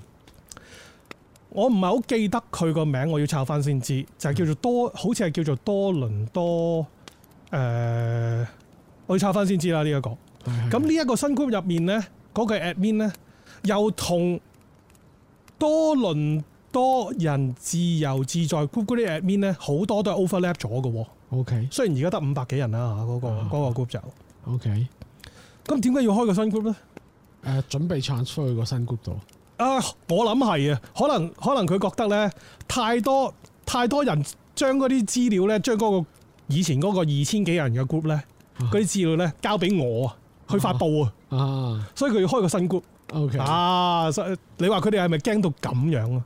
我唔係好記得佢個名，我要抄翻先知，就係、係、叫做多，嗯、好似係叫做多倫多，誒、呃，我要抄翻先知啦，呢一個。咁呢一個新 group 入面咧，嗰、嗰個 admin 咧又同多倫。多人自由自在，group 嗰啲 admin 咧好多都係 overlap 咗嘅。O、okay. K，雖然而家得五百幾人啦，吓、嗰、嗰個、啊嗰個 group 就 O K。咁點解要開個新 group 咧？誒、uh,，準備產出去個新 group 度。啊，我諗係啊，可能可能佢覺得咧太多太多人將嗰啲資料咧，將嗰個以前嗰個二千幾人嘅 group 咧、啊，嗰啲資料咧交俾我啊，去發布啊。啊，所以佢要開個新 group。O K。啊，所以你話佢哋係咪驚到咁樣啊？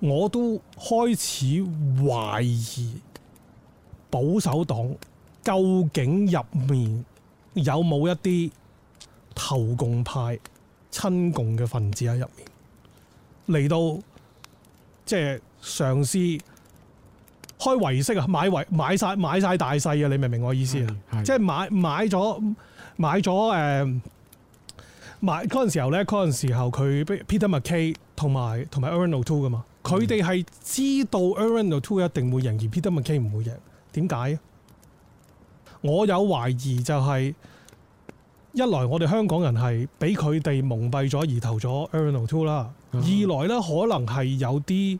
我都開始懷疑保守黨究竟入面有冇一啲投共派、親共嘅分子喺入面嚟到，即係嘗試開圍式，啊！買圍買曬買曬大細啊！你明唔明我意思啊？即係、買、買咗買咗誒買嗰陣時候咧，嗰陣時候佢 Peter 麥 Kay。同埋同埋 Erin O'Toole 噶嘛，佢哋係知道 Erin O'Toole 一定會贏，而 Peter MacKay 唔會贏，點解啊？我有懷疑就係、是、一來我哋香港人係俾佢哋蒙蔽咗而投咗 Erin O'Toole 啦，uh -huh. 二來咧可能係有啲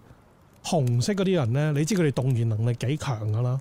紅色嗰啲人咧，你知佢哋動員能力幾強噶啦，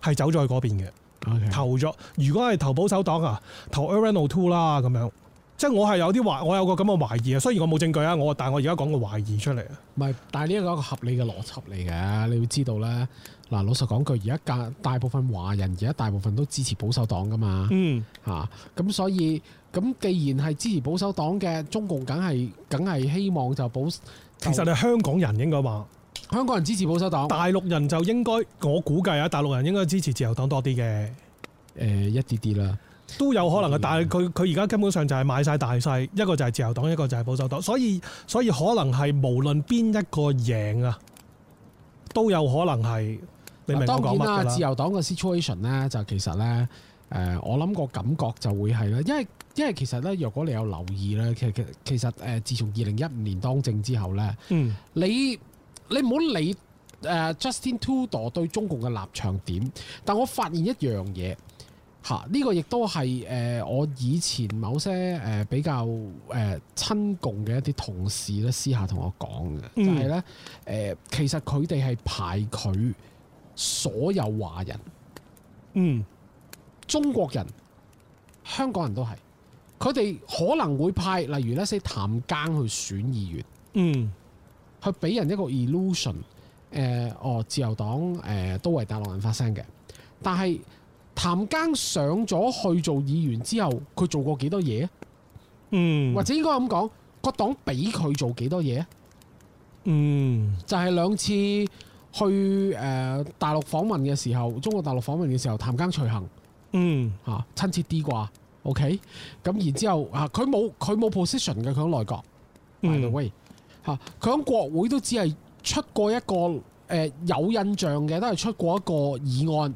係走咗去嗰邊嘅、okay.，投咗如果係投保守黨啊，投 Erin O'Toole 啦咁樣。即係我係有啲懷，我有個咁嘅懷疑啊！雖然我冇證據啊，我但係我而家講個懷疑出嚟。唔係，但係呢個係一個合理嘅邏輯嚟嘅，你要知道咧。嗱，老實講句，而家大部分華人，而家大部分都支持保守黨㗎嘛。嗯。嚇、啊！咁所以咁，既然係支持保守黨嘅中共，梗係梗係希望就保。就其實你係香港人應該話。香港人支持保守黨。大陸人就應該，我估計啊，大陸人應該支持自由黨多啲嘅。誒、呃，一啲啲啦。都有可能嘅，但係佢佢而家根本上就係買晒大細，一個就係自由黨，一個就係保守黨，所以所以可能係無論邊一個贏啊，都有可能係。你明白我講乜啦？自由黨嘅 situation 咧，就其實呢，誒、呃，我諗個感覺就會係咧，因為因為其實呢，若果你有留意呢，其實其實其實誒，自從二零一五年當政之後呢，嗯，你你唔好理誒、呃、Justin Trudeau 對中共嘅立場點，但我發現一樣嘢。嚇！呢、這個亦都係誒我以前某些誒、呃、比較誒、呃、親共嘅一啲同事咧私下同我講嘅、嗯，就係咧誒其實佢哋係排拒所有華人，嗯，中國人、香港人都係，佢哋可能會派例如呢，啲譚耕去選議員，嗯，去俾人一個 illusion，誒、呃，我、哦、自由黨誒、呃、都為大陸人發聲嘅，但係。譚耕上咗去做議員之後，佢做過幾多嘢，嗯，或者應該咁講，個黨俾佢做幾多嘢，嗯，就係、是、兩次去誒、呃、大陸訪問嘅時候，中國大陸訪問嘅時候，譚耕隨行。嗯，吓親切啲啩？OK，咁然之後啊，佢冇佢冇 position 嘅，佢喺內閣。By the way，吓佢喺國會都只係出過一個誒、呃、有印象嘅，都係出過一個議案。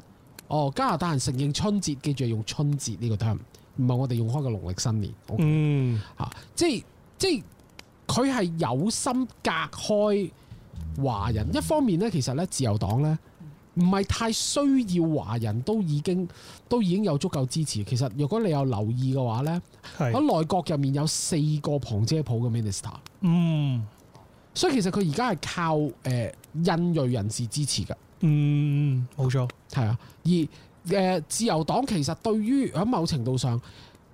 哦，加拿大人承認春節，記住係用春節呢個 term，唔係我哋用開個農曆新年。Okay、嗯，嚇、啊，即係即係佢係有心隔開華人。一方面咧，其實咧自由黨咧唔係太需要華人，都已經都已經有足夠支持。其實如果你有留意嘅話咧，喺內閣入面有四個旁遮普嘅 minister。嗯，所以其實佢而家係靠誒、呃、印裔人士支持嘅。嗯，冇錯，係啊。而誒、呃、自由黨其實對於喺某程度上，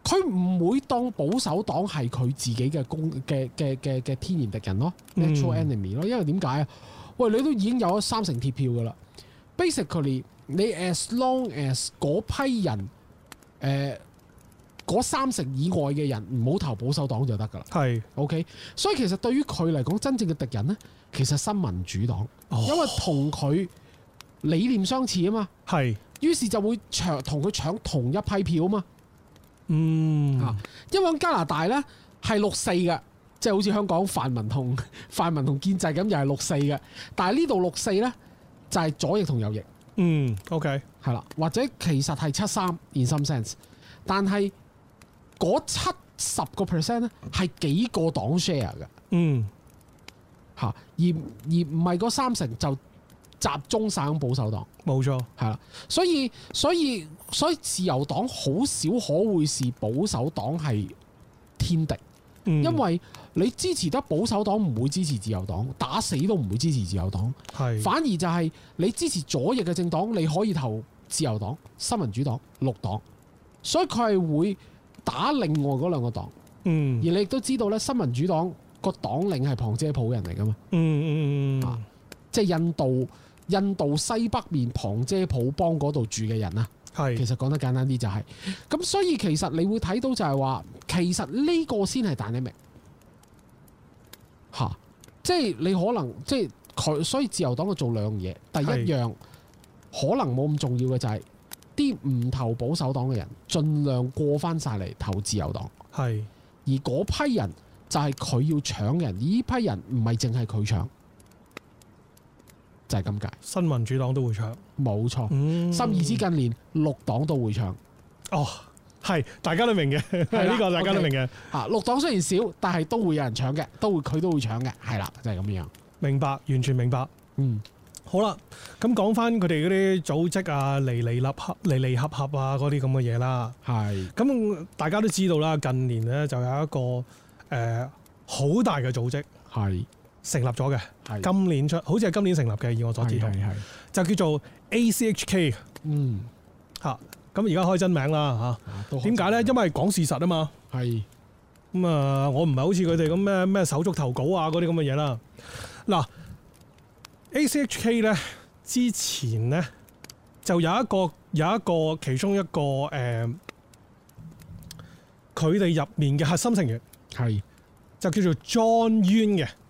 佢唔會當保守黨係佢自己嘅公嘅嘅嘅嘅天然敵人咯，natural enemy 咯。因為點解啊？喂，你都已經有咗三成鐵票噶啦、嗯。Basically，你 as long as 嗰批人誒嗰、呃、三成以外嘅人唔好投保守黨就得噶啦。係，OK。所以其實對於佢嚟講，真正嘅敵人呢，其實是新民主黨，哦、因為同佢，理念相似啊嘛，係，於是就會搶同佢搶同一批票啊嘛，嗯，吓，因為喺加拿大咧係六四嘅，即係、就是、好似香港泛民同泛民同建制咁，又係六四嘅，但係呢度六四咧就係、是、左翼同右翼，嗯，OK，係啦，或者其實係七三，in some sense，但係嗰七十個 percent 咧係幾個黨 share 嘅，嗯，吓，而而唔係嗰三成就。集中曬咁保守黨，冇錯，係啦，所以所以所以自由黨好少可會視保守黨係天敵，嗯，因為你支持得保守黨，唔會支持自由黨，打死都唔會支持自由黨，反而就係你支持左翼嘅政黨，你可以投自由黨、新民主黨、綠黨，所以佢係會打另外嗰兩個黨。嗯，而你亦都知道咧，新民主黨個黨領係旁遮普人嚟㗎嘛？嗯嗯嗯，即係、就是、印度。印度西北面旁遮普邦嗰度住嘅人啊，係，其實講得簡單啲就係、是，咁所以其實你會睇到就係話，其實呢個先係大你明，吓，即係你可能即係佢，所以自由黨我做兩樣嘢，第一樣可能冇咁重要嘅就係、是，啲唔投保守黨嘅人盡量過翻晒嚟投自由黨，係，而嗰批人就係佢要搶嘅人，呢批人唔係淨係佢搶。就係咁解，新民主黨都會搶，冇錯。甚、嗯、意指近年六、嗯、黨都會搶，哦，係大家都明嘅，係呢個大家都明嘅。嚇，六黨雖然少，但係都會有人搶嘅，都會佢都會搶嘅，係啦，就係咁樣。明白，完全明白。嗯，好了，好啦，咁講翻佢哋嗰啲組織啊，離離立合，離離合合啊，嗰啲咁嘅嘢啦。係，咁大家都知道啦，近年咧就有一個誒好、呃、大嘅組織係。係成立咗嘅。係今年出，好似係今年成立嘅，以我所知道，係，係就叫做 A.C.H.K。嗯，吓咁而家開真名啦，吓，點解咧？因為講事實啊嘛。係咁啊！我唔係好似佢哋咁咩咩手足投稿啊嗰啲咁嘅嘢啦。嗱，啊，A.C.H.K 咧之前咧就有一個有一個其中一個誒，佢哋入面嘅核心成員係就叫做 John Yuan 嘅。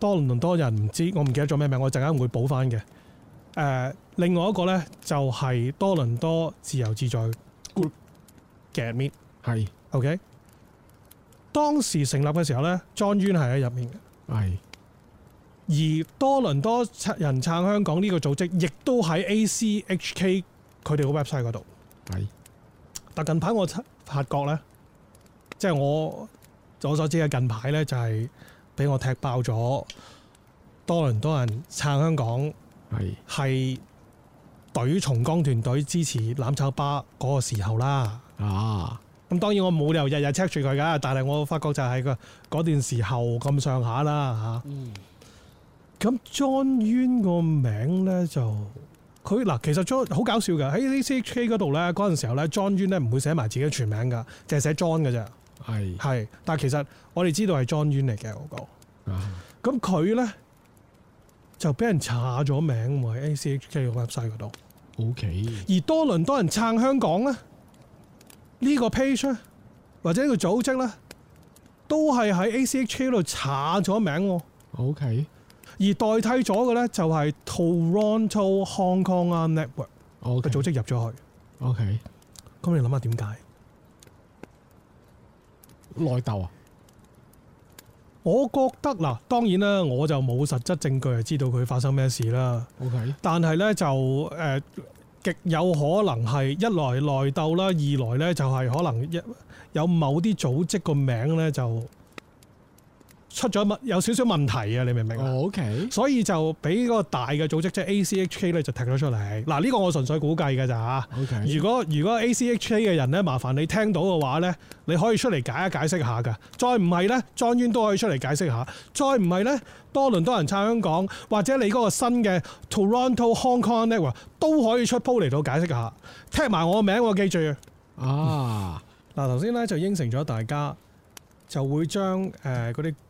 多倫多人唔知，我唔記得咗咩名，我陣間會補翻嘅。誒、呃，另外一個咧就係、是、多倫多自由自在 group 嘅入面係 OK。當時成立嘅時候咧 John Yuen 係喺入面嘅。係。而多倫多撐人撐香港呢個組織也在，亦都喺 ACHK 佢哋個 website 嗰度。係。但近排我發覺咧，即、就、係、是、我我所知嘅近排咧就係、是。俾我踢爆咗，多倫多人撐香港，係係隊重光團隊支持攬炒巴嗰個時候啦。啊！咁當然我冇理由日日 check 住佢噶，但係我發覺就係個嗰段時候咁上下啦嚇。咁、嗯、John Yuan 個名咧就佢嗱。其實 John 好搞笑嘅喺呢 CHK 嗰度咧，嗰陣時候咧，John Yuan 咧唔會寫埋自己嘅全名噶，淨係寫 John 係，係，但係其實我哋知道係 John Yuan 嚟嘅嗰個，咁佢咧就俾人查咗名喎喺 ACHK 個 website 嗰度。O、okay、K. 而多倫多人撐香港咧，呢、這個 page 咧或者呢個組織咧，都係喺 ACHK 度查咗名。O、okay、K. 而代替咗嘅咧就係、是、Toronto Hong Kong Network 個、okay、組織入咗去。O K. 咁你諗下點解？內鬥啊！我覺得嗱，當然啦，我就冇實質證據係知道佢發生咩事啦。OK，但係呢，就誒、呃、極有可能係一來內鬥啦，二來呢，就係、是、可能一有某啲組織個名呢就。出咗有少少問題啊！你明唔明？OK，所以就俾嗰個大嘅組織即係 ACHK 咧就踢咗出嚟。嗱、這、呢個我純粹估計㗎咋嚇。OK，如果如果 ACHK 嘅人咧，麻煩你聽到嘅話咧，你可以出嚟解解釋一下㗎。再唔係咧，John 都可以出嚟解釋下。再唔係咧，多倫多人撐香港，或者你嗰個新嘅 Toronto Hong Kong Network 都可以出 post 嚟到解釋下。聽埋我個名，我記住。啊！嗱、嗯，頭先咧就應承咗大家，就會將嗰啲。呃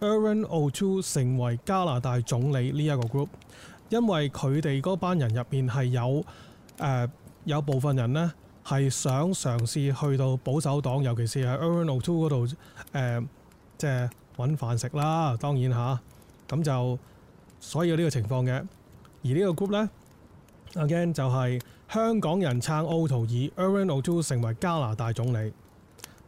Erin O'Toole 成為加拿大總理呢一個 group，因為佢哋嗰班人入邊係有誒、呃、有部分人呢係想嘗試去到保守黨，尤其是係 Erin O'Toole 嗰度誒、呃，即係揾飯食啦。當然吓，咁、啊、就所以有呢個情況嘅。而這個呢個 group 呢 again 就係香港人撐 O'Toole 以 Erin O'Toole 成為加拿大總理。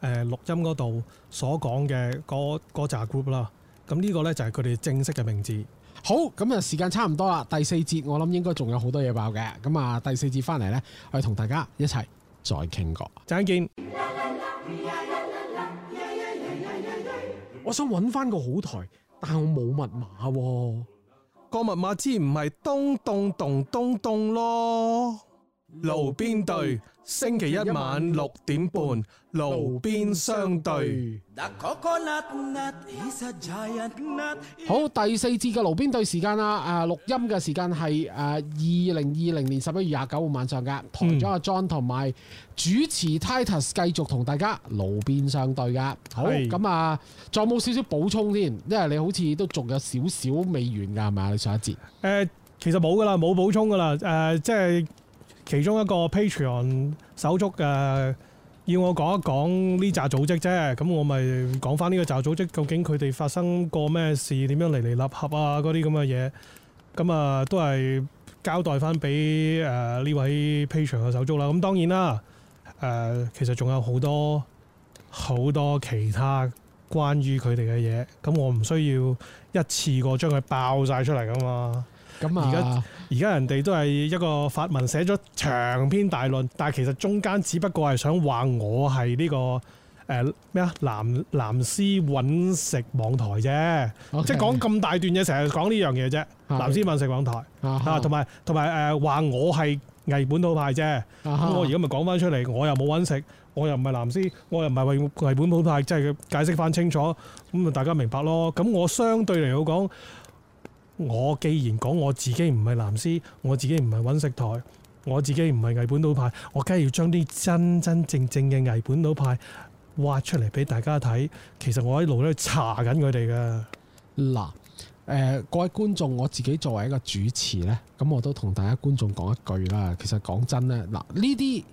誒、呃、錄音嗰度所講嘅嗰嗰扎 group 啦，咁呢個咧就係佢哋正式嘅名字。好，咁啊時間差唔多啦，第四節我諗應該仲有好多嘢爆嘅，咁啊第四節翻嚟咧，去同大家一齊再傾過，陣間見。我想揾翻個好台，但係我冇密碼喎，個密碼知唔係東洞洞東洞咯，爐邊對。星期一晚六點半，爐邊相對。好，第四節嘅爐邊對時間啦，誒、呃，錄音嘅時間係誒二零二零年十一月廿九號晚上嘅台長阿 John 同埋主持 Titus 繼續同大家爐邊相對嘅。好咁啊，仲有冇少少補充先？因為你好似都仲有少少未完噶，係咪啊？你上一節誒、呃，其實冇噶啦，冇補充噶啦，誒、呃，即係。其中一個 Patreon 手足誒、呃，要我講一講呢扎組織啫，咁我咪講翻呢個扎組織究竟佢哋發生過咩事，點樣嚟嚟立合啊，嗰啲咁嘅嘢，咁啊、呃、都係交代翻俾呢位 Patreon 嘅手足啦。咁當然啦，呃、其實仲有好多好多其他關於佢哋嘅嘢，咁我唔需要一次過將佢爆晒出嚟噶嘛。咁啊！而家人哋都係一個法文寫咗長篇大論，嗯、但係其實中間只不過係想話我係呢、呢個誒咩啊？藍、呃、藍絲揾食網台啫，即係講咁大段嘢，成日講呢樣嘢啫。藍絲揾食網台啊，啊，同埋同埋誒話我係偽本土派啫。咁、啊、我而家咪講翻出嚟，我又冇揾食，我又唔係藍絲，我又唔係為偽本土派，即、就、係、是、解釋翻清楚，咁啊大家明白咯。咁我相對嚟講。我既然講我自己唔係藍絲，我自己唔係揾食台，我自己唔係偽本土派，我梗係要將啲真真正正嘅偽本土派挖出嚟俾大家睇。其實我喺路度查緊佢哋㗎。嗱、啊呃，各位觀眾，我自己作為一個主持呢，咁我都同大家觀眾講一句啦。其實講真呢，嗱呢啲。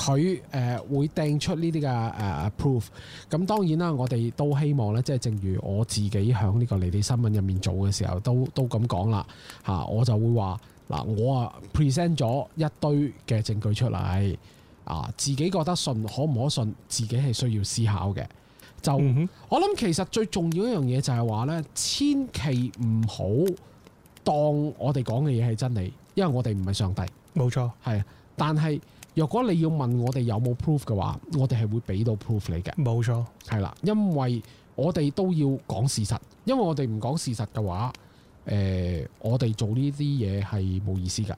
佢誒、呃、會掟出呢啲嘅誒、呃、proof 咁當然啦，我哋都希望咧，即係正如我自己喺呢個離地新聞入面做嘅時候，都都咁講啦嚇，我就會話嗱，我啊 present 咗一堆嘅證據出嚟啊，自己覺得信可唔可信，自己係需要思考嘅。就、嗯、我諗，其實最重要嘅一樣嘢就係話咧，千祈唔好當我哋講嘅嘢係真理，因為我哋唔係上帝，冇錯，係啊，但係。如果你要問我哋有冇 proof 嘅話，我哋係會俾到 proof 你嘅。冇錯，係啦，因為我哋都要講事實，因為我哋唔講事實嘅話，誒、呃，我哋做呢啲嘢係冇意思㗎。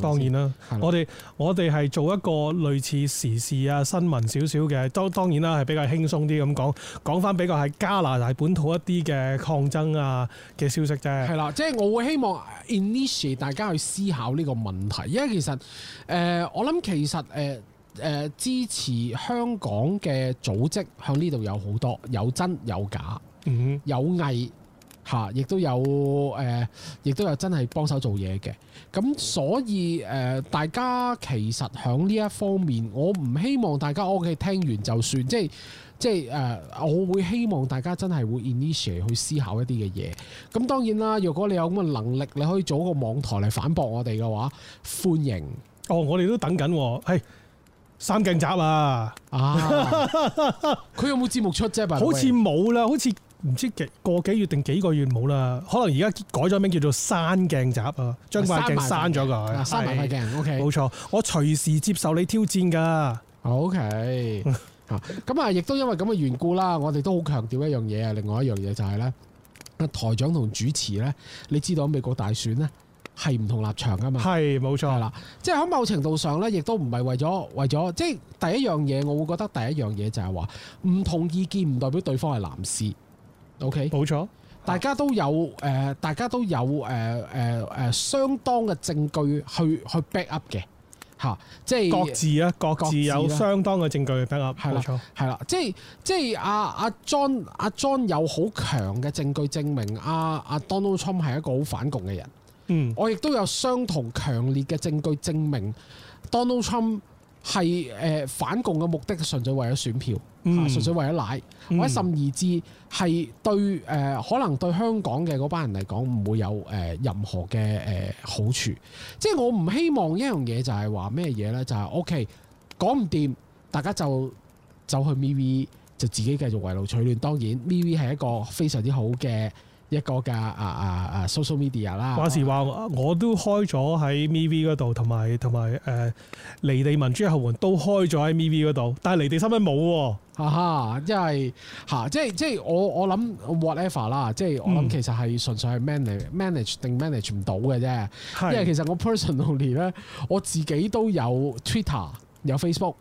當然啦，我哋我哋係做一個類似時事啊、新聞少少嘅，當當然啦，係比較輕鬆啲咁講。講返比較係加拿大本土一啲嘅抗爭啊嘅消息啫。係啦，即係我會希望 initiate 大家去思考呢個問題，因為其實誒、呃，我諗其實誒誒、呃呃、支持香港嘅組織向呢度有好多，有真有假，嗯、有偽。嚇、啊，亦都有誒，亦、呃、都有真係幫手做嘢嘅。咁所以誒、呃，大家其實喺呢一方面，我唔希望大家我嘅聽完就算，即係即係誒、呃，我會希望大家真係會 initiate 去思考一啲嘅嘢。咁當然啦，如果你有咁嘅能力，你可以做一個網台嚟反駁我哋嘅話，歡迎。哦，我哋都等緊、啊，係、哎、三鏡集啊！啊，佢 有冇節目出啫？好似冇啦，好似。唔知幾個幾月定幾個月冇啦？可能而家改咗名叫做刪鏡集啊！將塊鏡刪咗佢，刪埋塊鏡，㗎，係冇、okay、錯。我隨時接受你挑戰㗎。OK，嚇 咁啊！亦都因為咁嘅緣故啦，我哋都好強調一樣嘢啊。另外一樣嘢就係、是、咧，台長同主持咧，你知道美國大選咧係唔同立場㗎嘛？係冇錯啦。即係喺某程度上咧，亦都唔係為咗為咗。即、就、係、是、第一樣嘢，我會覺得第一樣嘢就係話唔同意見唔代表對方係藍絲。O.K. 冇錯，大家都有誒、呃，大家都有誒誒誒相當嘅證據去去 back up 嘅嚇、啊，即係各自啊，各自有相當嘅證據去 back up。冇錯，係啦，即係即係阿阿 John 阿、啊、John 有好強嘅證據證明阿阿、啊啊、Donald Trump 係一個好反共嘅人。嗯，我亦都有相同強烈嘅證據證明、嗯、Donald Trump 係誒、呃、反共嘅目的純粹為咗選票。啊、純粹為咗奶，或、嗯、者、嗯、甚而至係對誒、呃，可能對香港嘅嗰班人嚟講唔會有誒、呃、任何嘅誒、呃、好處。即係我唔希望一樣嘢就係話咩嘢咧，就係 O K 講唔掂，大家就就去咪 V 就自己繼續圍爐取暖。當然咪 V 係一個非常之好嘅。一個嘅啊啊啊 social media 啦，話時話、就是、我都開咗喺 MV 嗰度，同埋同埋誒離地民主後援都開咗喺 MV 嗰度，但係離地新聞冇喎，哈、啊、哈，因為即係即係我我諗 whatever 啦，即係我諗其實係純粹係 manage、嗯、manage 定 manage 唔到嘅啫，因為其實我 personally 咧，我自己都有 Twitter 有 Facebook。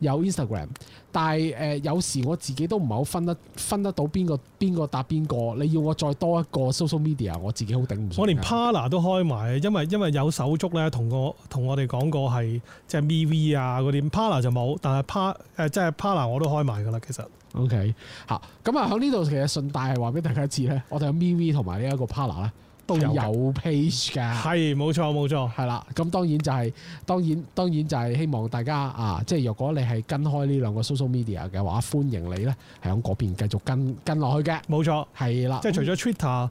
有 Instagram，但係、呃、有時我自己都唔係好分得分得到邊個邊個答邊個。你要我再多一個 social media，我自己好頂唔住。我連 Parler 都開埋，因為因為有手足咧，同我同我哋講過係即係 MeV 啊嗰啲，Parler 就冇，但係 Par 誒、呃、即、就係、Parler 我都開埋㗎啦。其實 OK 嚇，咁啊喺呢度其實順帶係話俾大家知咧，我哋有 MeV 同埋呢一個 Parler 啦。都有，係有 page 㗎，係冇錯冇錯，係啦。咁當然就係、係、當然當然就係希望大家啊，即係若果你係跟開呢兩個 social media 嘅話，歡迎你咧，係喺嗰邊繼續跟跟落去嘅。冇錯，係啦。即係除咗 Twitter，嗯。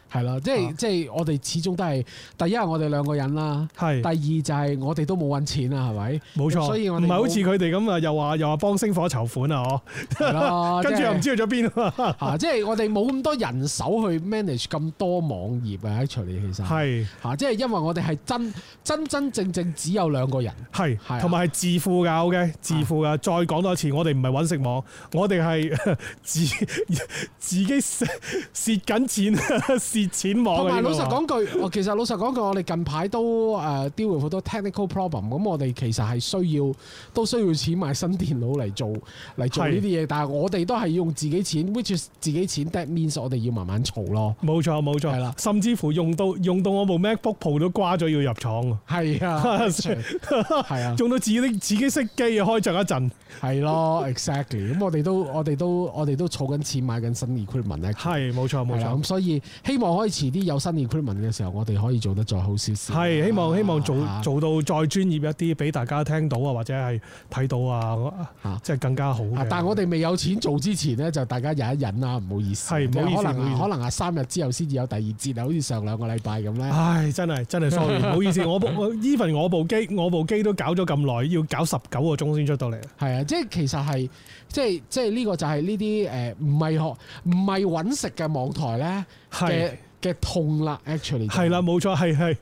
係啦即係即係我哋始終都係第一，係我哋兩個人啦。係第二就係我哋都冇搵錢啦，係咪？冇錯。所以我唔係好似佢哋咁啊，又話又話幫星火籌款啊，跟住又唔知去咗邊。即係我哋冇咁多人手去 manage 咁多網頁啊，處理起身。係。即係因為我哋係真真真正正只有兩個人。係。同埋係自負噶 OK，自負噶。再講多一次，我哋唔係搵食網，我哋係自自己蝕蝕緊錢錢網嘅。同埋老實講句， 其實老實講句，我哋近排都誒丟好多 technical problem。咁我哋其實係需要都需要錢買新電腦嚟做嚟做呢啲嘢。但係我哋都係用自己錢，which is 自己錢。That means 我哋要慢慢儲咯。冇錯冇錯。係啦，甚至乎用到用到我部 MacBook Pro 都瓜咗，要入廠。係啊，係啊。用到自己自己熄機，開長一陣。係 咯，exactly。咁我哋都我哋都我哋都儲緊錢，買緊新 equipment。係，冇錯冇錯。咁所以希望，我可以遲啲有新嘅 curation 嘅時候，我哋可以做得再好少少。係希望希望做做到再專業一啲，俾大家聽到啊，或者係睇到啊，嚇，即係更加好，啊。但係我哋未有錢做之前咧，就大家忍一忍啊。唔好意思。係唔好，好意思。可能可能啊，三日之後先至有第二節啊，好似上兩個禮拜咁咧。唉，真係真係 sorry，唔好意思。我部 even 我部機 我部機都搞咗咁耐，要搞十九個鐘先出到嚟。係啊，即係其實係。即係即係呢個就係呢啲誒唔係學，唔係搵食嘅網台咧嘅嘅痛啦，actually 係啦，冇錯，係，係係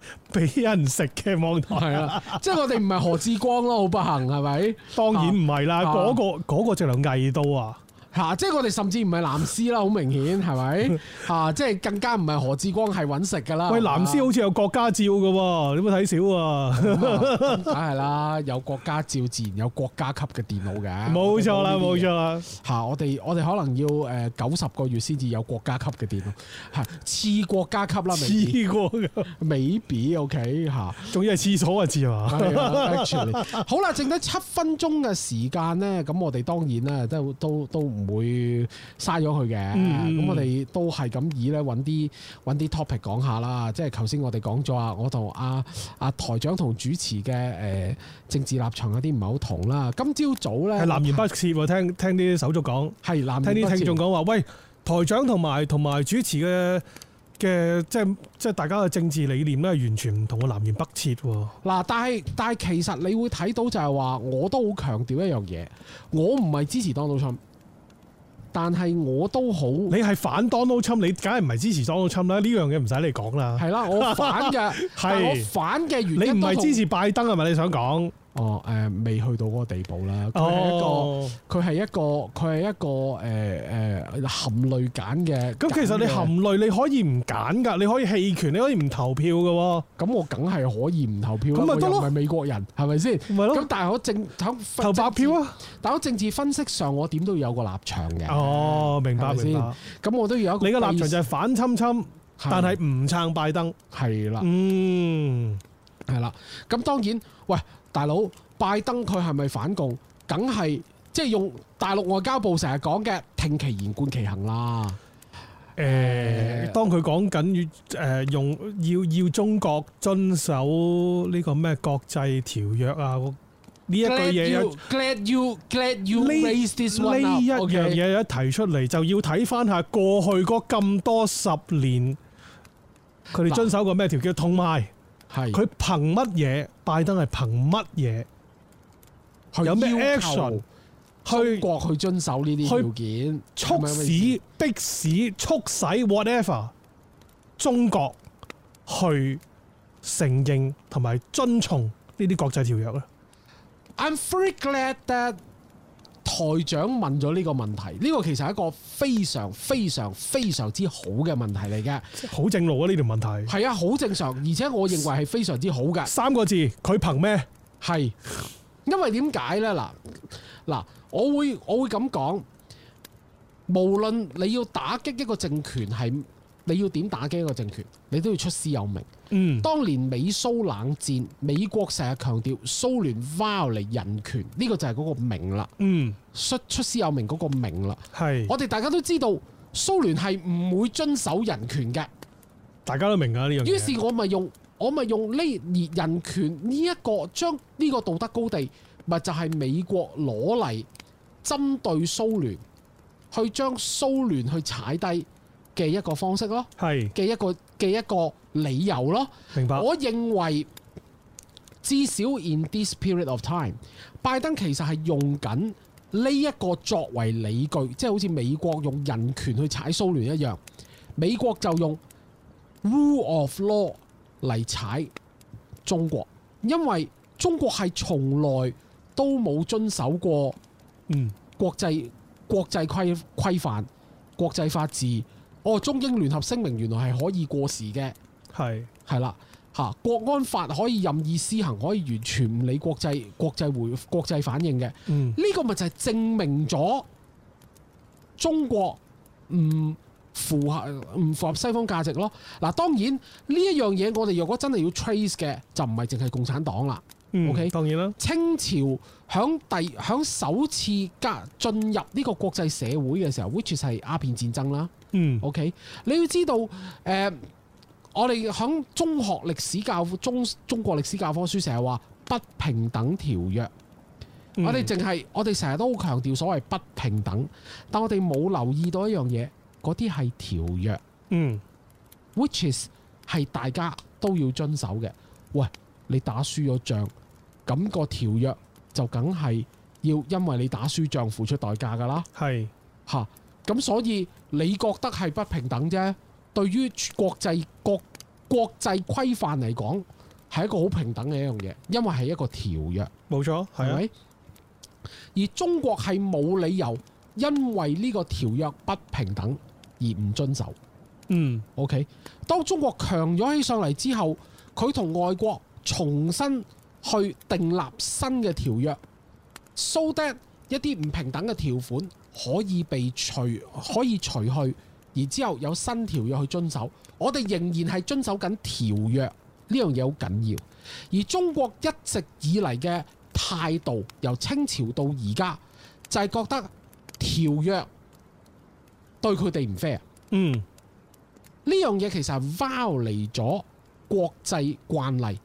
俾人食嘅網台，係 即係我哋唔係何志光咯，好不幸係咪？當然唔係啦，嗰個嗰個就兩藝到啊！那個啊那個吓、啊，即係我哋甚至唔係藍絲啦，好明顯係咪？吓、 啊，即係更加唔係何志光係揾食噶啦。喂，藍絲好似有國家照噶，你冇睇少喎。梗係啦，有國家照自然有國家級嘅電腦嘅。冇錯啦，冇錯啦。吓、啊，我哋我哋可能要誒九十個月先至有國家級嘅電腦。吓、啊，次國家級啦，次過 maybe OK 吓、啊，仲要係廁所呀、啊？知嘛、 啊？好啦，剩得七分鐘嘅時間咧，咁我哋當然啦，都都都唔。會嘥咗佢嘅咁，我哋都係咁以咧，揾啲揾啲 topic 講下啦。即係頭先我哋講咗啊，我同阿阿台長同主持嘅誒、呃、政治立場有啲唔係好同啦。今朝早咧係南轅北轍，聽聽啲手足講係南轅北轍聽啲聽眾講話，喂台長同埋同埋主持嘅嘅，即係即係大家嘅政治理念咧，係完全唔同嘅。南轅北轍嗱，但係但係其實你會睇到就係話，我都好強調一樣嘢，我唔係支持當當但係我都好，你係反 Donald Trump，你梗係唔係支持 Donald Trump 啦？呢樣嘢唔使你講啦。係啦，我反嘅，係 我反嘅原因都。你唔係支持拜登係咪？你想講？哦，誒，未去到嗰個地步啦。佢係一個，佢、哦、係一個，佢係一個，誒、呃、誒，含淚揀嘅。咁其實你含淚你可以唔揀㗎，你可以棄權，你可以唔投票㗎喎、哦。咁我梗係可以唔投票。咁咪得，唔係美國人係咪先？唔係咯。咁但係我，我政投白票啊！但係我政治分析上，我點都要有個立場嘅。哦，明白明白。咁我都要有。你嘅立場就係反侵侵，係但係唔撐拜登。係啦，嗯，係啦。咁當然，喂。大佬，拜登佢係咪反共？梗係即係用大陸外交部成日講嘅，聽其言，觀其行啦。誒、呃，當佢講緊要誒，用、呃、要要中國遵守呢個咩國際條約啊？呢一句嘢，glad you glad you raise this one 呢一樣嘢一提出嚟，okay? 就要睇翻下過去嗰咁多十年，佢哋遵守過咩條約？同埋。係佢憑乜嘢？拜登係憑乜嘢？有咩 action？中國去遵守呢啲條件，促使、迫使、促使 whatever 中國去承認同埋遵從呢啲國際條約咧。I'm very glad that. 台長問咗呢個問題，呢個其實係一個非常非常非常之好嘅問題嚟嘅，好正路啊，呢條問題。係啊，好正常，而且我認為係非常之好嘅。三個字，佢憑咩？係因為點解呢？嗱嗱，我會我會咁講，無論你要打擊一個政權係。你要點打擊一個政權，你都要出師有名。嗯，當年美蘇冷戰，美國成日強調蘇聯挖嚟人權，呢個就係嗰個名啦。嗯，出出師有名嗰個名啦。係，我哋大家都知道，蘇聯係唔會遵守人權嘅，大家都明㗎呢樣。於是我咪用我咪用呢人權呢一個將呢個道德高地，咪就係美國攞嚟針對蘇聯，去將蘇聯去踩低嘅一個方式咯，係嘅一個嘅一個理由咯。明白？我認為至少 in this period of time，拜登其實係用緊呢一個作為理據，即係好似美國用人權去踩蘇聯一樣，美國就用 rule of law 嚟踩中國，因為中國係從來都冇遵守過嗯國際國際規規範國際法治。哦，中英聯合聲明原來係可以過時嘅，係係啦吓，國安法可以任意施行，可以完全唔理國際、國際回、國際反應嘅。嗯，呢、這個咪就係證明咗中國唔符合唔符合西方價值咯。嗱，當然呢一樣嘢，我哋若果真係要 trace 嘅，就唔係淨係共產黨啦。嗯、o、okay? K，當然啦。清朝響第響首次加進入呢個國際社會嘅時候，which 係鴉片戰爭啦。嗯，OK，你要知道，誒、呃，我哋喺中學歷史教中中國歷史教科書成日話不平等條約，嗯、我哋淨係我哋成日都好強調所謂不平等，但我哋冇留意到一樣嘢，嗰啲係條約，嗯，which is 係大家都要遵守嘅。喂，你打輸咗仗，咁、那個條約就梗係要因為你打輸仗付出代價噶啦，係吓，咁、啊、所以。你覺得係不平等啫？對於國際國國際規範嚟講，係一個好平等嘅一樣嘢，因為係一個條約，冇錯，係咪、啊？而中國係冇理由因為呢個條約不平等而唔遵守。嗯，OK。當中國強咗起上嚟之後，佢同外國重新去訂立新嘅條約，掃、so、掉一啲唔平等嘅條款，可以被除，可以除去，而之後有新條約去遵守。我哋仍然係遵守緊條約呢樣嘢好緊要。而中國一直以嚟嘅態度，由清朝到而家，就係、是、覺得條約對佢哋唔 fair。嗯，呢樣嘢其實係 violate 咗國際慣例、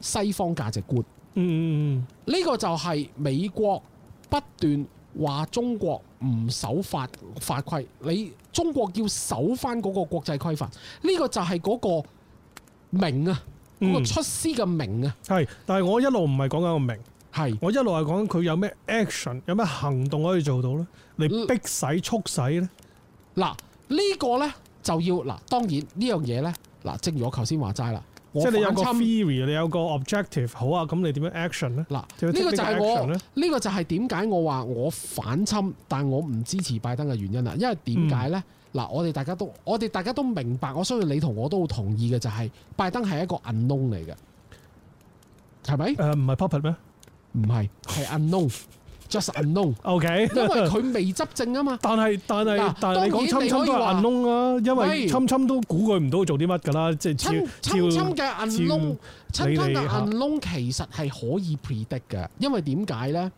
西方價值觀。嗯嗯嗯，呢、這個就係美國不斷話中國唔守法法規，你中國要守翻嗰個國際規範，呢、這個就係嗰個名啊，嗰、嗯那個出師嘅名啊。係，但係我一路唔係講緊個名，係我一路係講緊佢有咩 action，有咩行動可以做到、嗯、呢？你逼使促使呢？嗱呢個呢，就要嗱，當然呢樣嘢呢，嗱正如我頭先話齋啦。即係你有一個 theory 你有個 objective，好啊，咁你點樣 action 咧？嗱，呢個呢、呢個就係我呢、呢個就係點解我話我反侵，但我唔支持拜登嘅原因啦。因為點解咧？嗱、嗯，我哋大家都我哋大家都明白，我相信你同我都好同意嘅就係、係、拜登係一個 unknown 嚟嘅，係咪？誒、呃，唔係 puppet 咩？唔係，係 unknown。 Just unknown，OK？Okay? 因為佢未執政啊嘛。但係但係，但係、啊、但係你，當然你可以 unknown 啊，因為 unknown 都估佢唔到做啲乜噶啦。即係，unknown 嘅 unknown，unknown 嘅 unknown 其實係可以 predict 嘅，因為點解咧？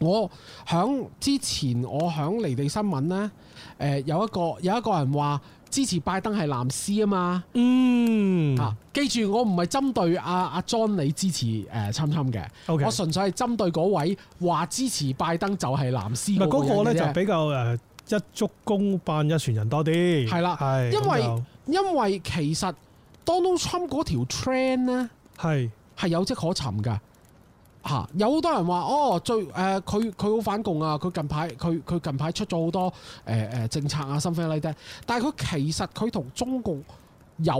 我響之前，我響離地新聞咧，誒有一個有一個人話。支持拜登係藍絲啊嘛，嗯啊，記住我唔係針對阿、啊、阿、啊、John 你支持誒 Trump 嘅，啊 okay. 我純粹係針對嗰位話支持拜登就係藍絲那。咪、那、嗰個咧就比較誒、呃、一竹篙打一船人多啲，係啦，係因為因為其實 Donald Trump 嗰條 trend 咧係係有跡可尋㗎。嚇、啊、有好多人話哦最誒佢佢好反共啊佢近排佢佢近排出咗好多誒誒、呃呃、政策啊新方略啊但係佢其實佢同中共有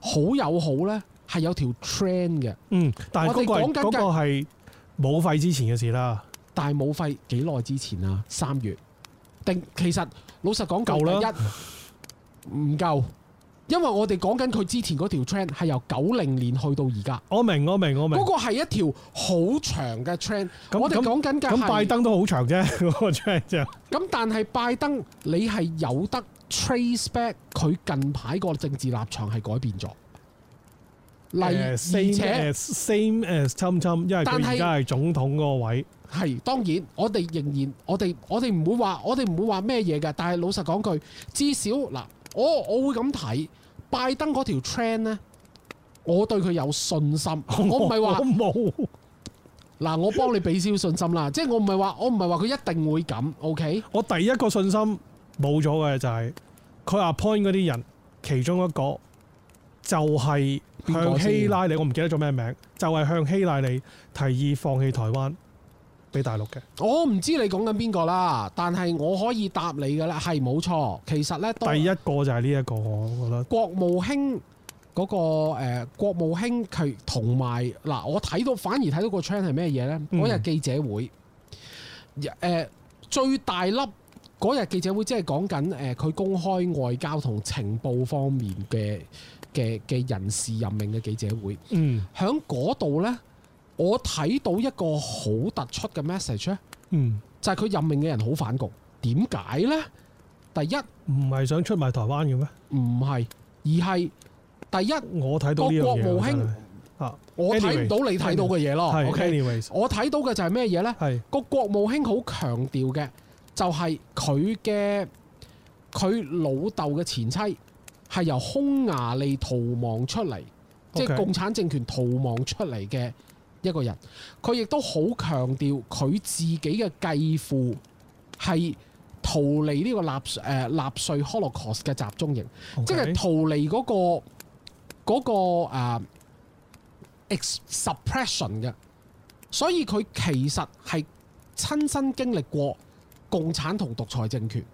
好友好咧係有條 trend 嘅嗯但我哋講緊嗰個係冇、那個、肺之前嘅事啦但係武肺幾耐之前啊三月定其實老實講夠喇一唔夠。因為我哋講緊佢之前嗰條 trend 係由九零年去到而家，我明我明我明。嗰個係一條好長嘅 trend，咁我哋講緊嘅拜登都好長啫，嗰個 trend 就。咁但係拜登，你係有得 trace back 佢近排個政治立場係改變咗。例，uh, 而且 as, same as，same as，侵侵，因為佢而家係總統嗰位。係當然，我哋仍然，我哋我哋唔會話我哋唔會話咩嘢嘅。但係老實講句，至少嗱。我我會咁睇拜登嗰條 train 呢，我對佢有信心。我唔係話我冇。嗱，我幫你俾少少信心啦， 即係我唔係話我唔係話佢一定會咁。OK，我第一個信心冇咗嘅就係佢 appoint 嗰啲人，其中一個就係向希拉里，我唔記得咗咩名，就係向希拉里提議放棄台灣。俾大陸嘅，我、哦、唔知你講緊邊個啦，但係我可以答你㗎喇，係冇錯，其實呢，第一個就係呢一個，我覺得國務卿嗰、那個誒、呃、國務卿佢同埋嗱，我睇到反而睇到個趨勢係咩嘢呢？嗰日記者會誒最大粒嗰日記者會，即係講緊誒佢公開外交同情報方面嘅嘅嘅人事任命嘅記者會，嗯，喺嗰度呢。我睇到一個好突出嘅 message 咧，嗯，就係、是、佢任命嘅人好反共，點解咧？第一唔係想出賣台灣嘅咩？唔係，而係第一，我睇到國務卿。啊，我睇唔到你睇到嘅嘢咯，OK，anyways, 我睇到嘅就係咩嘢咧？係個國務卿好強調嘅，就係佢嘅佢老豆嘅前妻係由匈牙利逃亡出嚟，即、okay. 係共產政權逃亡出嚟嘅。一個人，佢亦都好強調佢自己嘅繼父係逃離呢個納誒納粹 Holocaust 嘅集中營，okay. 即係逃離、嗰個、嗰個誒 expression、uh, 嘅。所以佢其實係親身經歷過共產同獨裁政權，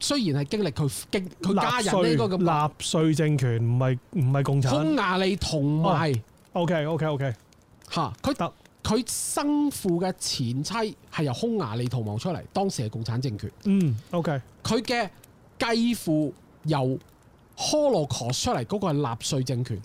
雖然係經歷佢經佢加入呢個咁。納粹政權唔係唔係共產。匈牙利同埋。O K O K O K。嚇，佢佢生父嘅前妻係由匈牙利逃亡出嚟，當時係共產政權。嗯，OK。佢嘅繼父由 Holocaust 出嚟，嗰、那個係納粹政權，嗯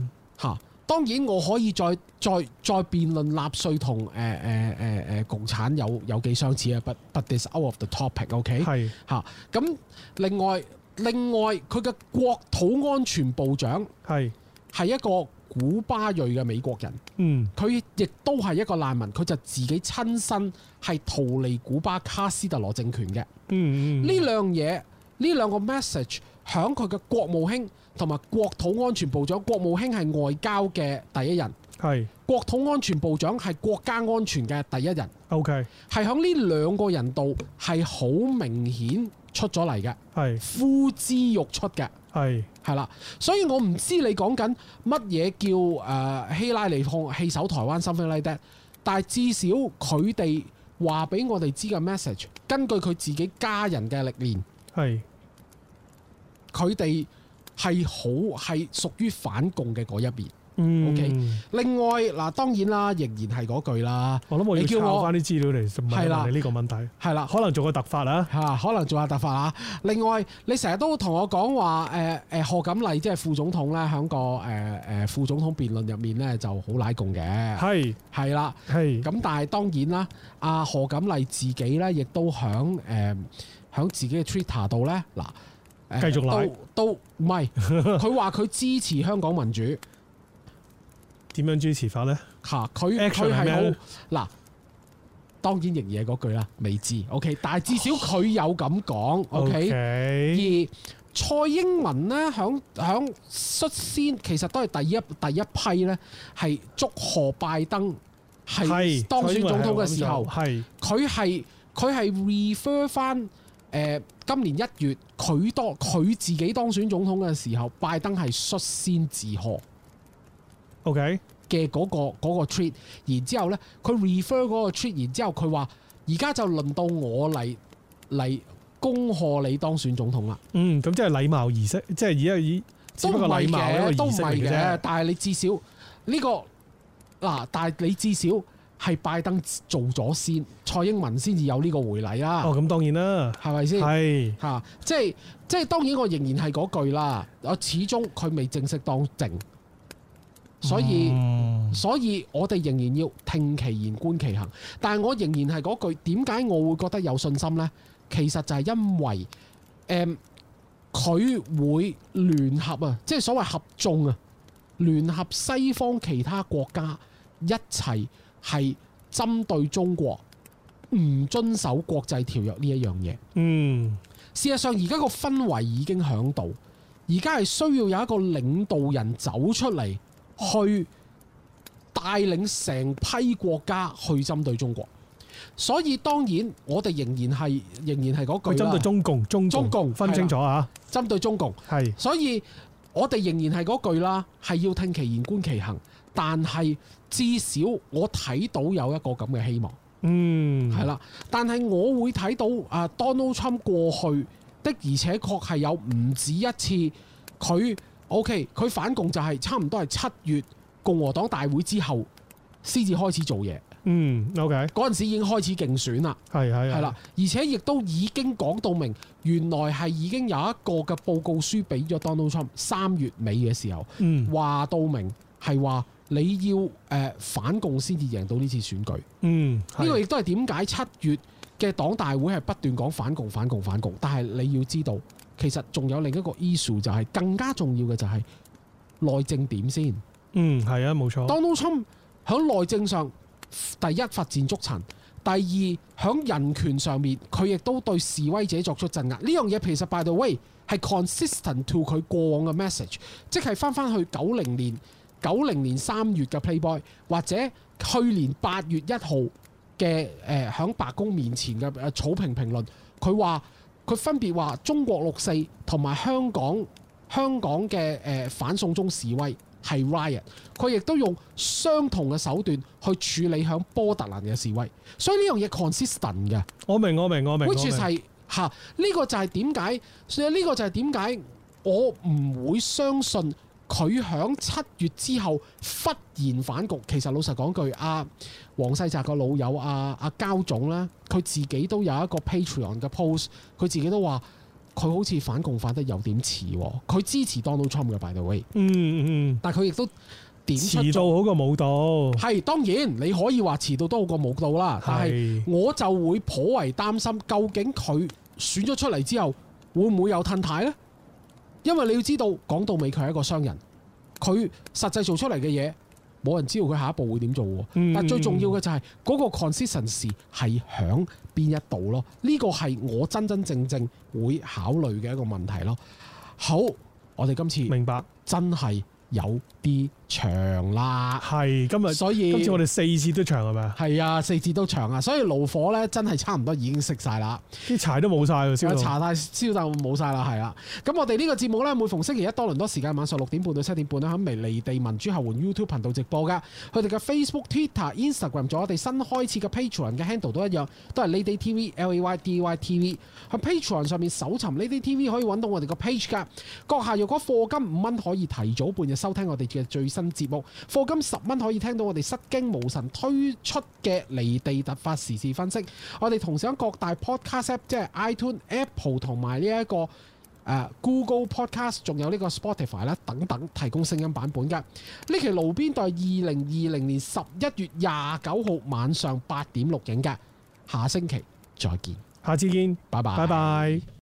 嗯。嗯，當然我可以再再再辯論納粹同、呃呃呃、共產有有幾相似啊，but but this out of the topic okay?OK。係嚇。咁另外另外佢嘅國土安全部長係係一個。古巴裔嘅美國人，佢亦都係一個難民，佢就自己親身係逃離古巴卡斯特羅政權嘅。呢兩嘢，呢、嗯、兩個 message 響佢嘅國務卿同埋國土安全部長，國務卿係外交嘅第一人，係，國土安全部長係國家安全嘅第一人。OK，係響呢兩個人度係好明顯出咗嚟嘅，係，呼之欲出嘅。係係啦，所以我唔知你講緊乜嘢叫誒、呃、希拉里放棄守台灣 something like that, 但係至少佢哋話俾我哋知嘅 message，根據佢自己家人嘅歷練係佢哋係好係屬於反共嘅一面。嗯，okay。另外嗱，當然啦，仍然係嗰句啦。我諗我要抄翻啲資料嚟，問下你呢個問題。係啦，可能做個突發啊，可能做下突發啦、啊。另外，你成日都同我講話，誒、呃、誒，賀錦麗即係副總統咧，喺個誒誒副總統辯論入面咧，就好奶共嘅。係係啦，係。咁但係當然啦，阿賀錦麗自己咧，亦都響誒響自己嘅 Twitter 度咧，嗱、呃，繼續奶都唔係，佢話佢支持香港民主。點樣支持法呢？嚇，佢佢係好嗱，當然營嘢嗰句啦，未知。OK，但係至少佢有咁講。OK，、okay. 而蔡英文呢，響響率先，其實都係第一第一批呢，係祝賀拜登係當選總統嘅時候。係佢係佢係 refer 翻誒、呃、今年一月佢當佢自己當選總統嘅時候，拜登係率先致賀。嘅、okay. 嗰、那個嗰、那個 tweet 然之後咧，佢 refer 嗰個 tweet 然之後佢話：而家就輪到我嚟嚟恭賀你當選總統啦。嗯，咁即係禮貌儀式，即、就、係、是、而家而。都唔係嘅，都唔係嘅，但係你至少呢、這個嗱、啊，但係你至少係拜登做咗先，蔡英文先至有呢個回禮啊。哦，咁當然啦，係咪先？係嚇，即係即係，當然我仍然係嗰句啦。我始終佢未正式當政。所以，所以我哋仍然要聽其言觀其行。但係我仍然係嗰句，點解我會覺得有信心呢？其實就係因為，嗯，佢會聯合啊，即係所謂合眾啊，聯合西方其他國家一齊係針對中國唔遵守國際條約呢一樣嘢。嗯，事實上而家個氛圍已經喺度，而家係需要有一個領導人走出嚟。去帶領成批國家，去針對中國，所以當然我哋仍然係仍然係嗰句，去針對中共中、中共中國，分清楚啊！針對中共係，所以我哋仍然係嗰句啦，係要聽其言觀其行。但係至少我睇到有一個咁嘅希望，嗯，係啦。但係我會睇到啊，Donald Trump 過去的而且確係有唔止一次佢。O.K. 佢反共就係差唔多係七月共和黨大會之後先至開始做嘢。嗯，O.K. 嗰陣時已經開始競選啦。係係係啦，而且亦都已經講到明，原來係已經有一個嘅報告書俾咗 Donald Trump 三月尾嘅時候，話、嗯、到明係話你要、呃、反共先至贏到呢次選舉。嗯，呢、呢個亦都係點解七月嘅黨大會係不斷講反共、反共、反共，但係你要知道。其實仲有另一個 issue，就係、是、更加重要嘅就係內政點先。嗯，係啊，冇錯。Donald Trump 響內政上第一發展足陳，第二響人權上面，佢亦都對示威者作出鎮壓。呢樣嘢其實 By the way 係 consistent to 佢過往嘅 message，即係翻翻去九零年九零年三月嘅 Playboy，或者去年八月一號嘅誒響白宮面前嘅草坪評，評論，佢話。佢分別話中國六四同埋香港香港嘅誒、呃、反送中示威係 riot，佢亦都用相同嘅手段去處理響波特蘭嘅示威，所以呢樣嘢 consistent 嘅。我明我明我明 which 就係呢個就係點解？所以呢個就係點解我唔會相信。佢響七月之後忽然反共，其實老實講句，阿、啊、黃世澤個老友阿阿膠總啦，佢自己都有一個 Patreon 嘅 post，佢自己都話佢好似反共反得有點遲，佢支持 Donald Trump 嘅 by the way，嗯嗯嗯，但係佢亦都點出遲到好過冇到。係當然你可以話遲到都好過冇到啦，但係我就會頗為擔心，究竟佢選咗出嚟之後會唔會有褪軚呢？因為你要知道，講到尾佢係一個商人，佢實際做出嚟嘅嘢，冇人知道佢下一步會點做喎。嗯、但最重要嘅就係嗰個 consistency 係響邊一度咯，呢個係我真真正正會考慮嘅一個問題咯。好，我哋今次明白，真係有啲長啦，係今日，所以今次我哋四節都長啊嘛，係啊，四節都長啊，所以爐火咧真係差唔多已經熄晒啦，啲柴都冇晒，燒柴太燒就冇晒啦，係啊，咁我哋呢個節目咧，每逢星期一多倫多時間，晚上六點半到七點半喺微離地民主後援 YouTube 頻道直播噶，佢哋嘅 Facebook、Twitter、Instagram 仲有我哋新開始嘅 Patreon 嘅 Handle 都一樣，都係 LayDay TV L A Y D Y T V 喺 Patreon 上面搜尋 LayDay TV 可以揾到我哋個 page 噶，閣下若果課金五蚊可以提早半日收聽我哋嘅最新。新節目，課金十蚊可以聽到我哋失驚無神推出嘅離地突發時事分析。我哋同時喺各大 Podcast，App, 即係 iTunes、這個、Apple 同埋呢一個 Google Podcast，仲有呢個 Spotify 啦等等，提供聲音版本嘅呢期爐邊對二零二零年十一月廿九號晚上八點錄影嘅，下星期再見，下次見，拜拜，拜拜。